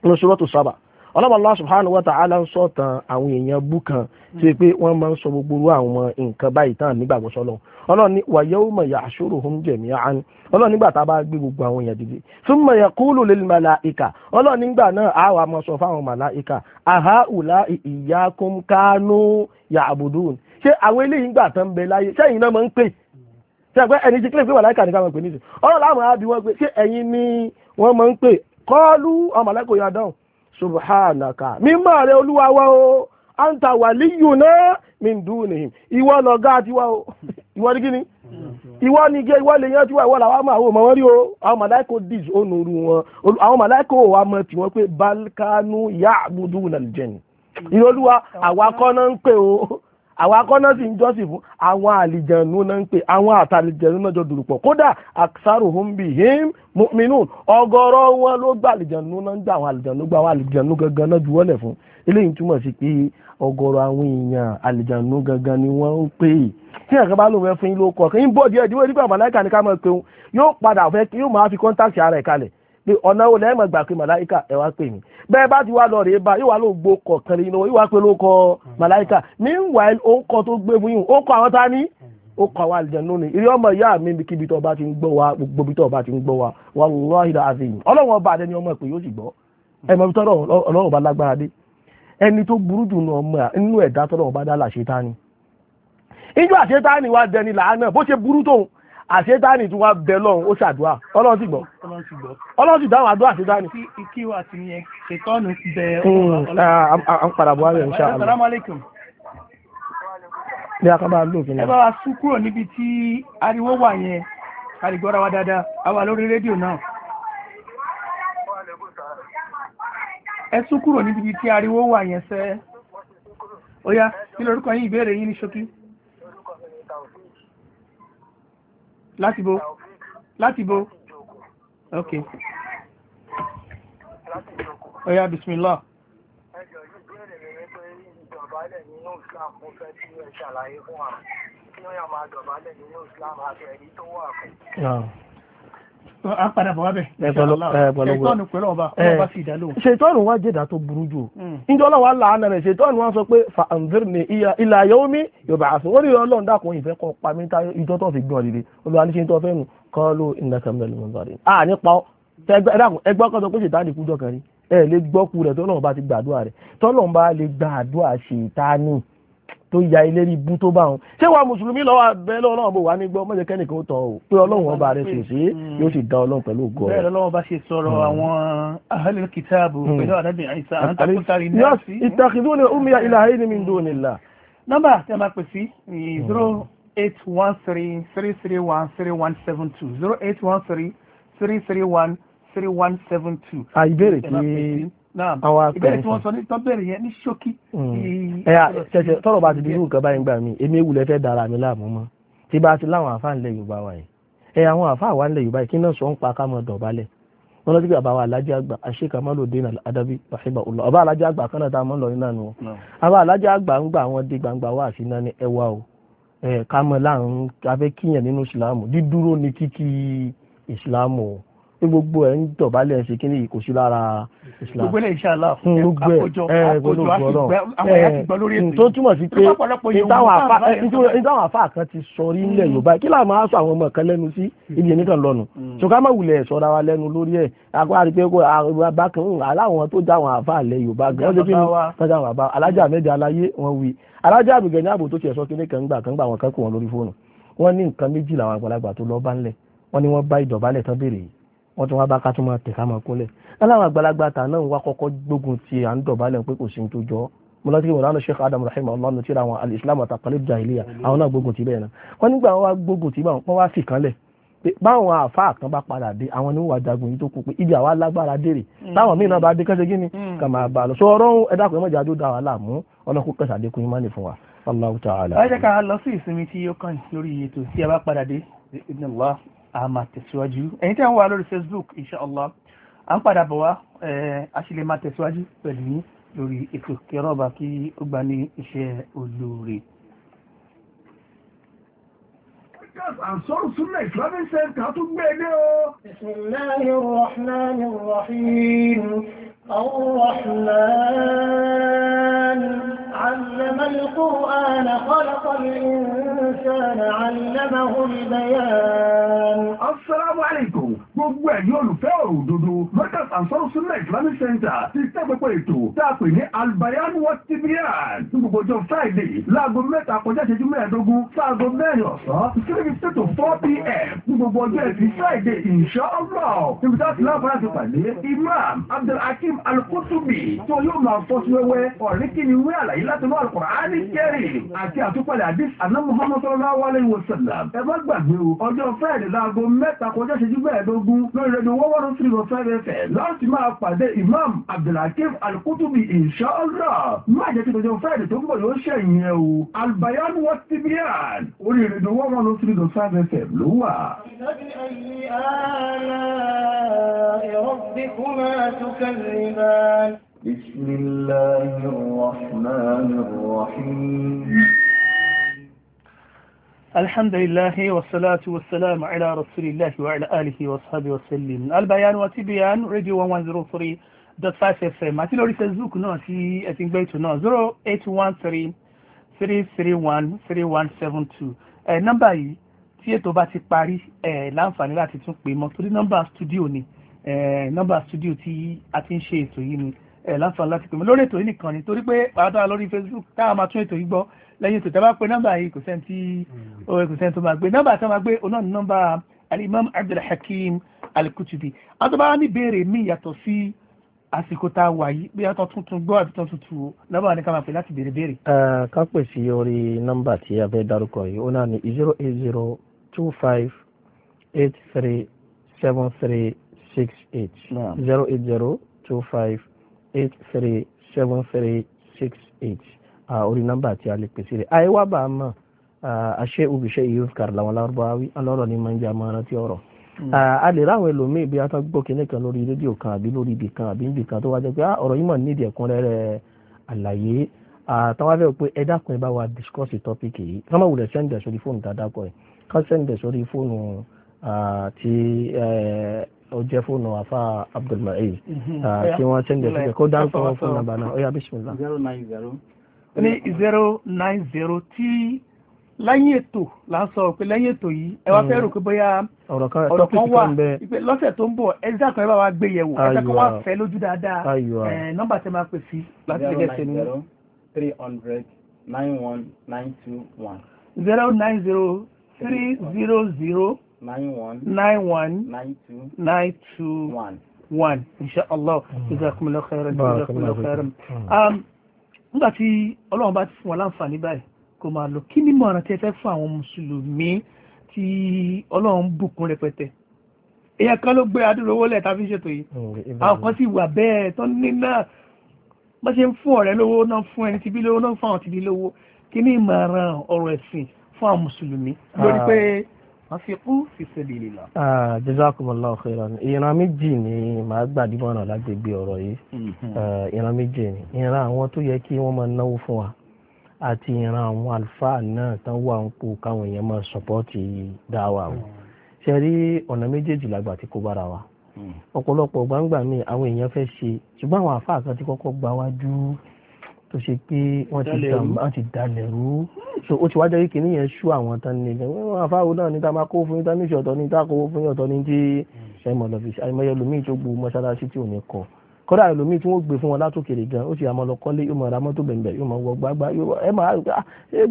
ní Suratu Saba ọlọ́run Allah subhanahu wa ta'ala ń sọ tan àwọn èèyàn bú kan tí pé wọ́n máa ń sọ gbogbo irú àwọn nǹkan báyìí tán nígbàgbọ́ sọlọ ọlọ́run ní wa yawma yahshuruhum jami'an ọlọ́run nígbà tá a bá gbé gbogbo àwọn èèyàn dìde thumma yaqulu lil mala'ika ọlọ́run nígbà náà a wà sọ fáwọn màláìkà aha'ula'i iyyakum kanu ya'budun ṣé àwọn eléyìí ń gbà tán bẹ láyé sẹ́yìn náà máa ń pè ṣe pé ẹni tí kílè pé màláìka nìkan máa pè níṣẹ́ ọ̀rọ̀ láwọn àbí wọn pé ṣé ẹ̀yin ni wọ́n máa ń pè kọ́ọ́lù ọmọlẹ́kọ̀ọ́ yà dáhùn subhanaka mímọ́ rẹ olúwa wa o anta waliyuna min dunihim ìwọ lọ̀gá tiwa o ìwọ ní kíni ìwọ ni gé ìwọ lè yan tiwa ìwọ làwọn máa wò mọ wọn rí o àwọn màláìkò dis onuru wọn àwọn màláìkò wa mọ tiwọn pé balkanu ya'buduna al-jinn ìrọlúwa àwa kọ́ náà ń pè o àwọn akọ́nọ́sì ń jọ́sìn fún àwọn àlìjẹ̀nu náà ń pè àwọn àtàlìjẹ̀nu náà jọ dùrùpọ̀ kódà aksaruhum bihim mu'minun ọ̀gọ̀rọ̀ wọn ló gba àlìjẹ̀nu náà ń gba àwọn àlìjẹ̀nu gba àwọn àlìjẹ̀nu gangan náà juwọ́ lẹ̀ fún eléyìí túmọ̀ sí pé ọ̀gọ̀rọ̀ àwọn èèyàn àlìjẹ̀nu gangan ni wọ́n ń pè é tí ẹ̀ka bá lóun fún yín ló kọ̀ kí yín bọ̀ díẹ̀ díẹ̀ pé ọ̀nà wo lẹ́yìn gbà pé màláìkà ẹ wá pè mí bẹ́ẹ̀ bá ti wá lọ rèé bá ìwà ló gbó kọ̀ọ̀kan nínú ìwà pé ló kọ màláìkà meanwhile ó kọ tó gbé fún yìí kọ àwọn tá a ní ó kọ àwọn àlùjànnú ni ìrí ọmọ ìyá mi bí kíbi tó ti ń gbọ́ wa gbogbo bí tó bá ti ń gbọ́ wa wàlúwàhí la àti ọlọ́run ọba àdẹni ọmọ ìpè yóò sì gbọ́ ọba lágbára dé ẹni tó burú jù ẹ̀dá ọba dá ìjọ dẹni àṣetáni tí wọ́n bẹ lọ́hùn ó ṣàdúrà ọlọ́run ti gbọ́ ọlọ́run ti dáhùn àdúrà àṣetáni. kí wàá ti yẹn ṣètọ́nù bẹ hmm, ọlọ́run. à ń padà bọ́ ààrẹ insha Allah. assalamu alaikum. ní akábá lóògùn náà. ẹ bá wa sún kúrò níbi tí ariwo wà yẹn àrígbọ́ra wa dáadáa a wà lórí rédíò náà. ẹ sún kúrò níbi tí ariwo wà yẹn sẹ́. ó yá kí lorúkọ yín ìbéèrè yín ní ṣókí. láti bo láti bo ok ọ̀yá bismillah. ẹjọ́ yìí bẹ́ẹ̀rẹ̀ mi ni pé ìdọ̀bálẹ̀ nínú Islam mo fẹ́ tí ẹ ṣàlàyé fún wa kí wọ́n yà máa dọ̀bálẹ̀ nínú Islam àti ẹ̀rí tó wà fún ṣètọ́nù wá eh, jẹ́dà tó burú jù níjọ́ hmm. ọlọ́wà láàánà rẹ̀ ṣètọ́nù wá sọ pé fa anzir ni ilà yaomi yorùbá àṣọ orí ọlọ́run dákun ìfẹ́ kan pa mí ìjọ tó fi gbọ́n rere olùwà ní ṣe tó fẹ́ nù kọ́ ló iná kàmẹ́lì mọ́ bàrẹ̀. a nípa ẹgbẹ́ kan sọ pé ṣètánì kújọ kan rí ẹ lè tó ya ilé rí ibú tó bá wọn ṣé wàá mùsùlùmí lọ́wọ́ abẹ́ lọ́wọ́ náà bò wá ní gbọ́ mọ́jẹ́ kẹ́nìkan ó tọ̀ ọ́ pé ọlọ́run ọba rẹ̀ sùn sí yóò sì dá ọlọ́run pẹ̀lú ògo rẹ̀. bẹ́ẹ̀ lọ́wọ́ bá ṣe sọ̀rọ̀ hmm. àwọn ahlul kitabu hmm. pẹ̀lú àdábì àìsàn àtàkùntàrí ní àṣì. ìtàkìdúnni umiya ilahi ni mi ń dúnni la. nọ́mbà tí a máa pè sí zero eight one three three three one three one seven two zero eight one three three three one three one seven two. àìbéèrè kí àwọn àpẹẹrẹ ìbẹ̀rẹ̀ tí wọ́n sọ ní tọ́bẹ̀rẹ̀ yẹn ní ṣókí. ẹ̀yà ṣẹ̀ṣẹ̀ tọrọ bá ti di mi láàmú mọ́ tí bá ti láwọn àfáà ńlẹ̀ Yorùbá wa yìí ẹ̀ àwọn àfáà wa ńlẹ̀ Yorùbá yìí kí náà sọ ń pa ká mọ́ lọ́sí pé àbá wa àgbà àṣekà Maludeen Al-Adabi pàṣípà òlò ọba alájà àgbà kan náà tá a mọ̀ ń lọ nínú àná wọn àbá alájà àgbà ń gbà wọn dé gbangba wá àfi náà ní ẹwà o ẹ láàrin abẹ́ nínú ìsìláàmù dídúró ní kíkí ìsìláàmù o ní gbogbo ẹ̀ ń dọ̀bálẹ̀ ẹ̀ ṣe kí ni kò sí lára Islam. gbogbo ẹ̀ insha Allah fún àkójọ àkójọ àwọn ẹ̀yà ti gbọ́ lórí ètò. tó túmọ̀ sí pé ìtàwọn àfáà kan ti sọ rí nílẹ̀ hmm. Yorùbá kí láà máa sọ àwọn ọmọ kan lẹ́nu sí hmm. ibi ẹni kan lọ́nu. ṣùgbọ́n hmm. má wulẹ̀ sọ̀rọ̀ wa lẹ́nu lórí ẹ̀ àkọ́ àti pé bákan aláwọn tó dá àwọn àfáà lẹ Yorùbá gan alájà àbùgẹ̀ ní ààbò tó tiẹ̀ sọ kí ní kan gbà kan gbà wọn kan kù wọn lórí nǹkan méjì làwọn àgbàlagbà tó lọ́ọ́ bá ńlẹ̀ wọn ni wọ́n bá ìdọ̀bálẹ̀ tán béèrè yìí wọ́n tún wá bá ká tún máa tẹ̀ ká máa kúnlẹ̀ aláwọ̀ àgbàlagbà tà náà wá kọ́kọ́ gbógun ti à ń dọ̀bálẹ̀ pé kò sí ní tó jọ mo lọ́tí ìwọ̀n lánàá Sheikh Adam rahim allah nu tíra àwọn alìsílám àtàkọ́lé jahiliya àwọn náà gbógun ti bẹ́ẹ̀ náà wọ́n nígbà wọn wá gbógun ti báwọn wá fi kanlẹ̀ pé báwọn àáfàá kan bá padà dé àwọn níwà jagun yìí tó kú pé ibi àwa lágbára dèrè mm. táwọn míì náà bá dé kẹ́sẹ́ gíní mm. kà máa bá a lọ sọ̀rọ̀ ẹ̀dá Allahu ta'ala. ẹ jẹ́ ká lọ sí ìsinmi tí ó kàn lórí ètò ibn allah a máa tẹ̀síwájú ẹ̀yin tí a ń wà lórí facebook inshallah à ń padà bọ̀ wá a sì lè máa tẹ̀síwájú pẹ̀lú yín lórí ètò kẹrọ̀bà kí ó gba ní iṣẹ́ olóore. Ansar Sunnah Islamic Center tún gbé ilé e o. Bismillahir Rahmanir Rahim. Ar-Rahman. القرآن خلق الإنسان علمه البيان السلام عليكم gbogbo ẹ̀yin olùfẹ́ ọ̀rọ̀ òdodo brothers and sons sunna islamic center ti tẹ́ gbogbo ètò tá a pè ní albayan wa tibian ní gbogbo ọjọ́ friday láago mẹ́ta kọjá ìṣẹ́jú mẹ́ẹ̀ẹ́dógún sáago mẹ́rin ọ̀sán three fifty to four pm ní gbogbo ọjọ́ ẹtì friday inshallah níbi tá a ti láǹfààní àti pàdé imam abdulhakeem alukutubi tó yóò máa fọ́ wẹ́wẹ́ ọ̀rí kí ni wí àlàyé láti lọ́ alukur'ani kẹrin àti àtúpalẹ̀ àdìs àná muhammadu alayhi wa sallam ẹ má gbàgbé o ọjọ́ friday láago mẹ́ta kọjá ìṣẹ́jú mẹ́ẹ̀ẹ́dógún ògùn lórí rẹ̀dùn wọ́n wọ́n three one five fm láti máa pàdé imam abdulhakeem alkutubi inshallah má jẹ́ kí tọjọ́ friday tó ń bọ̀ yóò ṣẹ̀yìn ẹ̀ o albayan wa tibian orí rẹ̀dùn wọ́n wọ́n three one five fm ló wà. بسم الله الرحمن الرحيم الحمد لله والصلاة والسلام على رسول الله وعلى آله وصحبه وسلم البيان وتبيان راديو 103.5 FM àti lórí Facebook náà sí ẹ̀tí gbé ètò náà 08133313172 ẹ̀ nọ́mbà yìí tí ètò bá ti parí ẹ̀ láǹfààní láti tún pè mọ́ torí nọ́mbà studio ni ẹ̀ nọ́mbà studio tí a ti ń ṣe ètò yìí ni ẹ̀ láǹfààní láti pè mí lórí ètò yìí nìkan ni torí pé pàápàá lórí Facebook táwọn máa tún ètò yìí gbọ́ lẹ́yìn ètò tẹ́ bá pé nọ́mbà yìí kò sẹ́ni tí òwe hmm. kò sẹ́ni tó máa gbé nọ́mbà tó máa gbé òun náà ní nọ́mbà alimam abdulhakeem alikutubi àtọ́bá ní béèrè mi yàtọ̀ sí àsìkò tá a wà yìí bí a tọ́ tuntun gbọ́ àbí tọ́ tuntun o nọ́mbà ni ká máa pè láti béèrè béèrè. ká pè sí orí nọ́mbà tí a fẹ́ dárúkọ yìí ó náà ní zero eight zero two five eight three seven three six eight zero eight zero two five eight three seven three six eight orí nọ́mbà tí a lè pèsè rẹ̀ àyè wá bá a mọ̀ àṣẹ òbíṣẹ́ yìí kàrà làwọn alárúbáwí alọ́rọ̀ ni máa ń jẹ́ àmọ́ rántí ọ̀rọ̀ a lè ráwọn ẹlòmíì bí atọ́ gbọ́ kínní kan lórí rédíò kan àbí lórí ibì kan àbí níbì kan tó wá jẹ́ pé ọ̀rọ̀ yìí mọ̀ nídìí ẹ̀kúnrẹ́rẹ́ àlàyé àtàwọn afẹ́ pé ẹ dákun ẹ bá wa discuss topic yìí kí wọ́n máa wulẹ̀ sẹ́ńdẹ̀ sórí fóònù tá a dákọ̀ ẹ̀ kí wọ́n sẹ́ńdẹ̀ sórí fóònù ti ó jẹ́ fóònù àfa abdulma'iz mhm. ah, kí wọ́n ṣe ń jẹ́ síbẹ̀ kó dáńkọ́ fún nàbà náà ó yá bísímìlá. zero nine zero. ní zero nine zero tí lẹ́yìn ètò là ń sọ pé lẹ́yìn ètò yìí ẹ wá fẹ́ hmm. rò pé bóyá ọ̀rọ̀ kan wà lọ́sẹ̀ tó ń bọ̀ ẹ̀sẹ̀ kan bá wa gbé yẹ̀wò ẹ̀sẹ̀ kan wà fẹ́ lójú dáadáa nọ́mbà tẹ́ máa pè sí láti lè gẹ̀ẹ́sẹ̀ ni. zero nine zero three hundred nine one nine two one. zero nine zero three zero zero nine one nine one nine two nine two one one inshallah jazakumullahu khairan jazakumullahu khairan hmm. um, nígbà tí ọlọ́run bá ti fún wa láǹfààní báyìí kò máa lọ kí ni mọ̀ràn tí ẹ fẹ́ fún àwọn mùsùlùmí tí ọlọ́run bùkún rẹpẹtẹ èèyàn kan ló gbé adúlówó lẹ̀ tàbí ṣètò yìí hmm, àwọn kan sì wà bẹ́ẹ̀ tó ní náà bá ṣe ń fún ọ̀rẹ́ lówó náà fún ẹni tìbí lówó náà fún àwọn tìbí lówó kí ni ìmọ̀ràn ọ̀rọ̀ ẹ̀sìn fún àwọn mùsùlùmí lórí ah. pé anfiqu fi sabilillah. Ah, jazakumullahu khairan ìran méjì ni màá gbàdúmọ̀ràn lágbègbè ọ̀rọ̀ yìí mhm. ah, ìran méjì ni ìran àwọn tó yẹ kí wọ́n máa náwó fún wa àti ìran àwọn àlùfáà náà tán wà ń pò káwọn èèyàn máa sọ̀pọ́ọ̀tì dáwà o ṣe rí ọ̀nà méjèèjì làgbà tí kò bára wa mhm. ọ̀pọ̀lọpọ̀ gbangba mi àwọn èèyàn fẹ́ ṣe ṣùgbọ́n àwọn àfáà kan ti kọ́kọ́ gbáwájú tó ṣe pé wọ́n ti dalẹ̀ rú so ó ti wá jẹ́ kí kìíní yẹn ṣú àwọn tán ní ilẹ̀ wọ́n afáwo náà níta máa kó fún yín tánìṣì ọ̀tọ̀ ní ìta kó fún yín ọ̀tọ̀ ní tí hmm. ẹ̀mọ̀ lọ́fíìsì àìmọye ẹlòmíì tó gbu mọ́ṣáláṣí tí ò ní kọ̀ kódà ẹlòmíì tí wọ́n gbé fún wọn látòkèrè gan ó ti àmọ́ lọ kọ́lé yóò máa ra mọ́tò bẹ̀m̀bẹ̀ yóò máa wọ gbágbá ẹ máa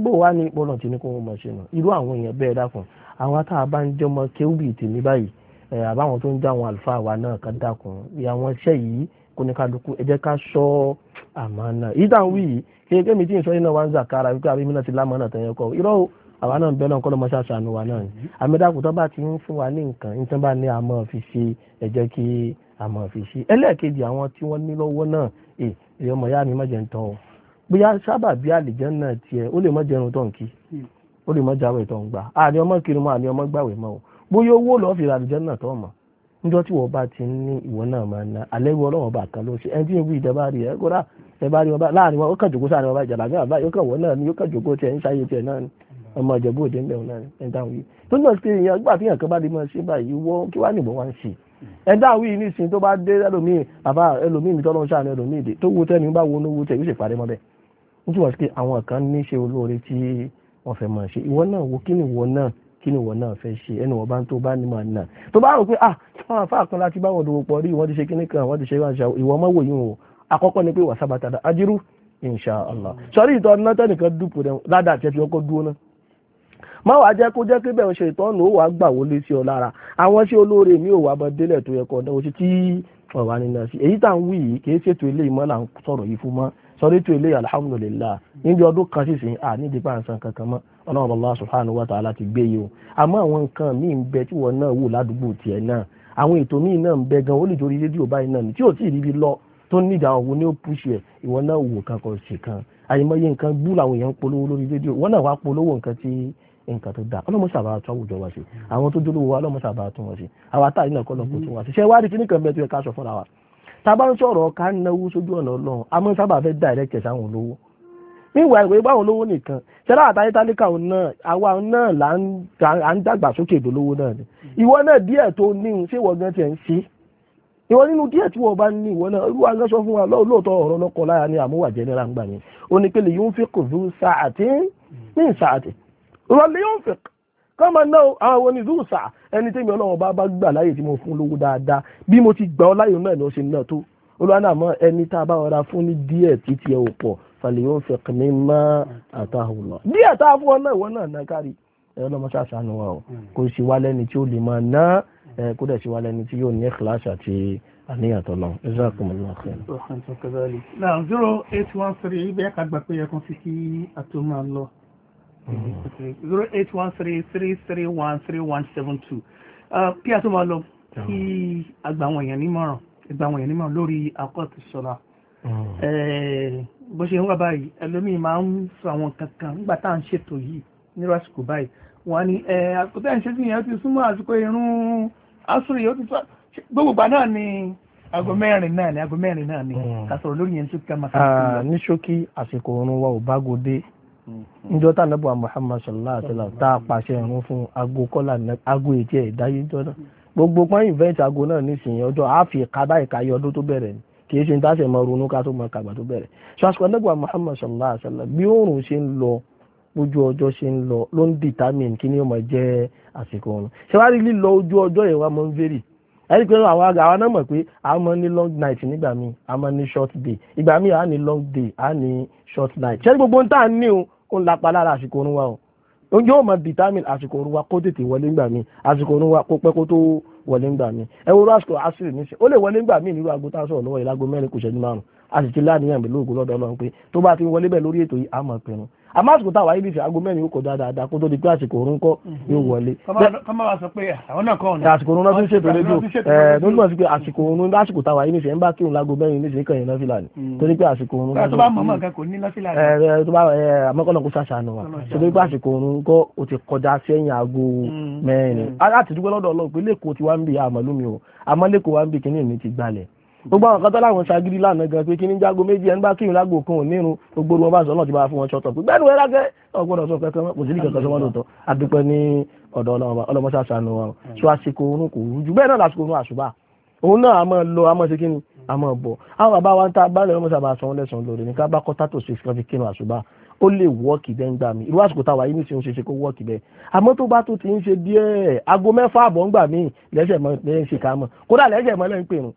gbò wá ah, ní kò ní kálukú ẹ jẹ́ ká ṣọ́ àmánà yìí tá à ń wí yìí kéèké mi tí ń sọ yìí náà wá ń zàkàrà wípé àbí mi náà ti lámánà tẹ̀ yẹn kọ́ irọ́ àwa náà ń bẹ́ náà kọ́ ló mọ́ ṣàṣàánú wa náà ni àmẹ́dàkùn tó bá ti ń fún wa ní nǹkan ní tí wọ́n bá ní àmọ́ fi ṣe ẹ jẹ́ kí àmọ́ fi ṣe ẹlẹ́ẹ̀kejì àwọn tí wọ́n ní lọ́wọ́ náà ẹ èyí ọmọ ìyá mi má jẹ́ ń tán o bóyá sábà bí àlìjẹ́ náà tiẹ̀ ó lè má jẹun tó kí ó lè má jáwé tó gbà àní ọmọ kiri mọ́ àní ọmọ gbàwé mọ́ o bóyá owó lọ́ọ́ fi ra náà tó mọ́ níjọ́ tí wọ́n bá ti ń ní ìwọ náà máa ná alẹ́ ìwọ ọlọ́wọ́n bá kan ló ṣe ẹni tí ewu ìdẹ́bà rí ẹ kódà ẹ̀bá rí wọn bá láàrin wọn ó kàn jòkó sáà ni wọn bá ìjàlá ní àbá yóò kàn wọ́n náà ni yóò kàn jòkó tiẹ̀ ń ṣayé tiẹ̀ náà ni ọmọ ìjẹ̀bú òde ń bẹ̀rù náà ni ẹ̀dá wí. tó náà ṣe ìyẹn gbà tí nǹkan bá di mọ́ ṣe báyìí wọ́n kí wá nìbọn wá ń ṣe ẹ̀dá wí ní ìsìn tó bá dé ẹlòmíì àbá ẹlòmíì ni ìwọ kí ni ìwọ náà fẹ́ ṣe ẹnu wọn bá ń tó bá ní màá nà tó bá rò pé ah wọn àfa àkan láti bá wọn dòwò pọ̀ rí wọn ti ṣe kíní kan wọn ti ṣe wọn ṣe ìwọ ọmọ wò yín o àkọ́kọ́ ni pé wà sábà tàdá ajírú inshàlá sọrí ìtọ́ nọ́tẹ́ nìkan dùpò rẹ ládàá tiẹ̀ fi ọkọ́ dúró náà má wàá jẹ́ kó jẹ́ pé bẹ́ẹ̀ ṣe ìtọ́nù ó wàá gbà wọlé sí ọ lára àwọn sí olóore mi ò wá mọ délẹ̀ tó yẹ kọ́ náà ó sì tí ọ̀wá nínú sí èyí tá ń wí yìí kì í ṣètò ilé ìmọ̀ là ń sọ̀rọ̀ yìí fún mọ́ sọ̀rọ̀ ètò ilé alhamdulillah níbi ọdún kan sì sìn à nídìí bá ń san kankan mọ́ ọlọ́run Allah subhanahu wa ta'ala ti gbé yìí o àmọ́ àwọn nǹkan míì ń bẹ tí wọn náà wù ládùúgbò tiẹ̀ náà àwọn ètò míì náà ń bẹ gan ó lè torí rédíò báyìí náà tí ò tí ì ríbi lọ tó ní ìdá nǹkan tó dáa ọlọ́mọ sábà tún àwùjọ wa ṣe àwọn tó dúró wa ọlọ́mọ sábà tún wọn ṣe àwọn àtàrí náà kọ́lọ́ kó tún wa ṣe ṣe wádìí kíní kan bẹ́ẹ̀ tó yẹ ká sọ fúnra wa tá a bá ń sọ̀rọ̀ ká náwó sójú ọ̀nà ọlọ́run a máa ń sábà fẹ́ direct sáwọn olówó níwà ìwé báwọn olówó nìkan ṣẹlá àtàrí tálíkà òun náà àwa náà là ń dàgbà sókè ìdólówó náà ni ìwọ náà díẹ̀ tó níhun ṣé ìwọ gan tiẹ̀ ń ṣe ìwọ nínú díẹ̀ tí wọ́n bá ní ìwọ náà olúwa gan sọ fún wa lóòótọ́ ọ̀rọ̀ lọ́kọ láya ni àmúwà jẹ́ nira ń gbà ní pé lè yóò fi kò fún sàátì ní sàátì rọ̀lẹ́ yóò fẹ̀ kọ́ máa ná àwọn onídùúsà ẹni tẹ́mi ọlọ́run bá bá gbà láyè tí mo fún lówó dáadáa bí mo ti gbà ọ láyè náà ni ó ṣe náà tó olùwànàmọ́ ẹni tá a bá ọra fún ní díẹ̀ títí ẹ ò pọ̀ fàlẹ́ yóò fẹ̀ kàn mí mọ́ àtàwọn lọ díẹ̀ tá a fún ọ náà ìwọ náà ná kárí ẹ̀rọ lọ́mọ ṣàṣàánú wa o kò sì wá lẹ́ni tí ó lè máa ná kó dẹ̀ sì wá lẹ́ni tí yóò ní ẹ̀kíláṣì àti àníyàn tó lọ jazakumullahu khairan. náà zero eight one three bẹ́ẹ̀ ká gbà pé ẹ̀kan fi kí àtúmọ̀ zero eight one three three three one three one seven two uh, kí a tó máa lọ kí àgbà àwọn èèyàn nímọ̀ràn ìgbà àwọn èèyàn nímọ̀ràn lórí akọ́ọ̀tù sọ̀la hmm. bó ṣe ń wà báyìí ẹlòmíì máa ń sọ àwọn kankan nígbà tá à ń ṣètò yìí nírú àsìkò báyìí wọ́n ní àkótá ìṣe sí ìyẹn ti súnmọ́ àsìkò irun asúrì yóò ti sọ gbogbo ìgbà náà ni aago hmm. mẹ́rin náà ni aago mẹ́rin náà ni hmm. kà lórí yẹn tó kí a máa ṣe. Ah, ní ṣókí àsìkò oorun wa ò bá gòdè njọta tá nàbọ̀ Muhammad sallallahu alaihi tá a fún aago kọ́là aago ètí ẹ̀ gbogbo pọ́n ìvẹ́ǹtì aago náà nísìnyí ọjọ́ kábà ọdún tó bẹ̀rẹ̀ ni kì í ṣe ní máa ronú ká tó máa kàgbà tó bẹ̀rẹ̀ ṣàṣùkọ́ Muhammad sallallahu bí ṣe ń lọ ojú ọjọ́ ṣe ń lọ ló ń determine kí ni ó máa jẹ́ àsìkò ọ̀run rí lílọ ojú ọjọ́ yẹn wá ń ẹni pé àwọn àgbà àwọn náà mọ̀ pé a máa ní long night nígbà míì a ní short a ní long day a ní short o kó ń lapa lára àsìkò orun wa o oúnjẹ ò mọ vitamin àsìkò orun wa kó tètè wọlé ńgbà mi àsìkò orun wa kó pẹ́ kó tó wọlé ńgbà mi ẹ wo rásìkò àṣírí níṣẹ́ ó lè wọlé ńgbà mi nílùú agbótáṣọ̀ lọ́wọ́ ìlágbó mẹ́rin kò ṣẹ́jú márùn-ún a sì ti láàníyàn pẹ̀lú ògùn lọ́dọ̀ ọlọ́run pé tó bá ti wọlé bẹ̀ lórí ètò yìí a máa pinnu àmọ́ àsìkò táwa ibi ìfẹ́ aago mẹ́rin ó kọjá dáadáa kó tó di pé àsìkò òórùn kọ́ mhm. yóò wọlé. kọ́mọ́ wa sọ pé àsìkò òórùn náà tún ṣètò rédíò ẹ̀ ló mọ̀ pé àsìkò òórùn lásìkò táwa yìí nìṣẹ́ ń bá kírun láago mẹ́rin nìṣẹ́ kàn yín lọ́fìlà ni mm. torí pé àsìkò ni. ẹ tó bá ẹ àmọ́kànlá kó ṣàṣàánú wa torí pé àsìkò òórùn kọ́ ó ti kọjá sẹ́yìn aago mm. mẹ́rin. Mm. a ti dúpẹ́ lọ́dọ̀ ọlọ́run pé lẹ́kọ̀ọ́ ti wá ń bì àmọ́ lómi o àmọ́ lẹ́kọ̀ọ́ wá ń bì gbogbo àwọn kan tó láwọn ṣagídí lánàá gan pé kí ní jágo méjì ẹni bá kíyìn lágbo kan ò nírun gbogbo wọn bá sọ náà ti bá fún wọn ṣọtọ pé gbẹnu ẹlá gẹ ọgbọdọ sọ kankan kò sí ní kankan sọmọ lóòótọ́ adúpẹ́ ní ọ̀dọ̀ ọlọmọṣà sànù wa so àsìkò oorun kò rú jù bẹ́ẹ̀ náà lásìkò oorun àṣùbà òun náà a máa lọ a máa ṣe kí ni a máa bọ̀ àwọn bàbá wa ń ta bá lọ́mọ sábà sanwó lẹ́sàn-án lórí ní ká bá kọ́ tátò sí kan fi kírun àṣùbà ó lè wọ́ọ̀kì bẹ́ẹ̀ ń gbà mí irú àsìkò táwa yìí nìṣẹ́ ó kó wọ́ọ̀kì bẹ́ẹ̀ àmọ́ tó bá tó ti ń ṣe díẹ̀ aago mẹ́fà àbọ̀ ń gbà mí lẹ́sẹ̀ mọ́ lẹ́yìn ṣe ká mọ̀ kódà lẹ́sẹ̀ mọ́ lẹ́yìn pèrún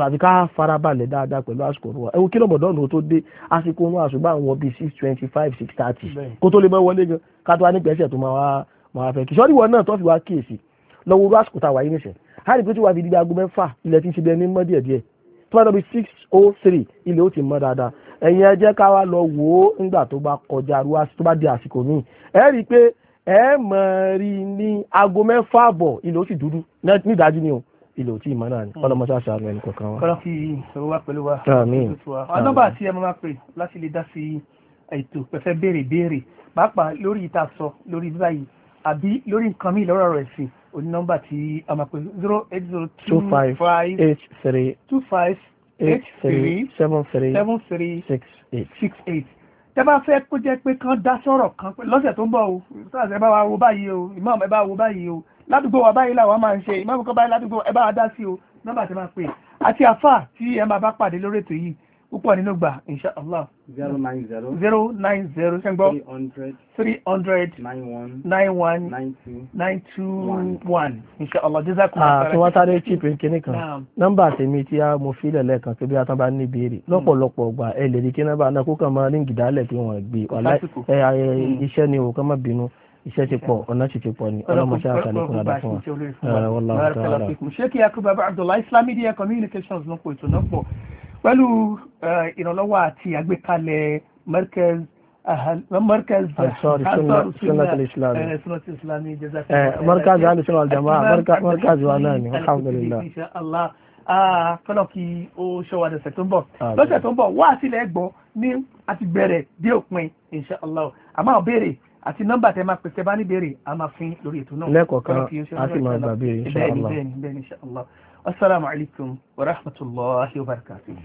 so àfi ká farabalẹ̀ dáadáa pẹ̀lú àsìkò òru wa ẹ wo kí lọ́bọ̀dọ́ ọ̀nà tó dé àsìkò òru àṣùgbọ́n àwọn bíi six twenty five six thirty kó tó lè mọ́ wọlé gan ká tó wá ní gbẹ̀ẹ́sẹ̀ tó máa wá máa fẹ́ kí sọ́ọ́dì wọn náà tó fi wá kíyèsí lọ́wọ́ orú àsìkò tá a wà yín hàní pé tí wàá fi di aago mẹ́fà ilẹ̀ ti ń ṣe bí ẹni mọ́ díẹ̀díẹ̀ tó bá dọ̀bi six oh three ilẹ̀ ó ti mọ́ dáadáa ẹ̀yin ẹ jẹ́ ká wá lọ wò ó nígbà tó bá kọjá tó bá di àsìkò míì ẹ rí i pé ẹ mọ̀ rí ní aago mẹ́fà bọ̀ ilẹ̀ ó sì dúdú ní ìdájú ni o ilẹ̀ òtí ìmọ̀ náà ni hmm. ọlọ́mọ sáà sàánú ẹni kọ̀ọ̀kan wa. kọ́lá fi ìṣòro wa pẹ̀lú wa. àmín. nọ́mbà tí ẹ máa pè láti lè dá sí ètò pẹ̀fẹ́ béèrè béèrè pàápàá lórí ìta sọ lórí báyìí àbí lórí nǹkan mi lọ́rọ̀ rẹ̀ sí oní nọ́mbà tí a zero eight zero two five eight three two five eight three seven three seven three six eight six eight tẹ bá fẹ́ kó jẹ́ pé kán dá sọ̀rọ̀ kan lọ́sẹ̀ tó ń bọ̀ o sáà ẹ bá wa wo báyìí o ìmọ̀ ẹ bá wo báyìí o ládùúgbò wa báyìí làwọn máa ń ṣe ìmọ̀ ìkọ́ báyìí ládùúgbò ẹ bá wa dá sí o nọ́mbà tí máa pè àti àfà tí ẹ máa bá pàdé lórí ètò yìí púpọ̀ nínú gbà insha allah. zero nine zero. zero nine zero ṣe ń gbọ́. three hundred. three hundred. nine one. nine one. nine two. nine two one. insha allah jazakum. àti ah, wọn sáré chip kínní kan nọ́mbà tèmi tí a mo filẹ̀ lẹ́ẹ̀kan pé bí a tán bá ní ìbéèrè hmm. lọ́pọ̀lọpọ̀ ọgbà ẹ lè rí kí nọ́mbà náà kó kàn máa ní gìdálẹ̀ kí wọ́n gbé hmm. iṣẹ́ ni o kàn má bínú iṣẹ́ ti pọ̀ ọ̀nà sì ti pọ̀ ni ọlọ́mọṣẹ́ àtàlẹ́kùn àdá fún wa wallahu ta'ala. ṣé kí akú bàbá abdullahi Islamic media communications ló ń kó ètò náà pọ̀ pẹ̀lú ìrànlọ́wọ́ àti àgbékalẹ̀ Markaz مركز انصار السنه سنه الاسلام سنه الاسلامي جزاك الله مركز اهل السنه والجماعه مركز واناني الحمد لله ان شاء الله kọ́nà kí ó ṣọ́wọ́ àdẹ̀sẹ̀ tó ń bọ̀ lọ́sẹ̀ tó ń bọ̀ wá sílẹ̀ gbọ́ ní àti bẹ̀rẹ̀ dé òpin insha àmọ́ béèrè àti nọ́mbà tẹ máa pèsè bá níbèrè a máa fín lórí ètò náà lẹ́kọ̀ọ́kan a sì máa gbàgbé inshallah bẹ́ẹ̀ni bẹ́ẹ̀ni inshallah assalamu alaikum wa rahmatullahi wa barakatuh.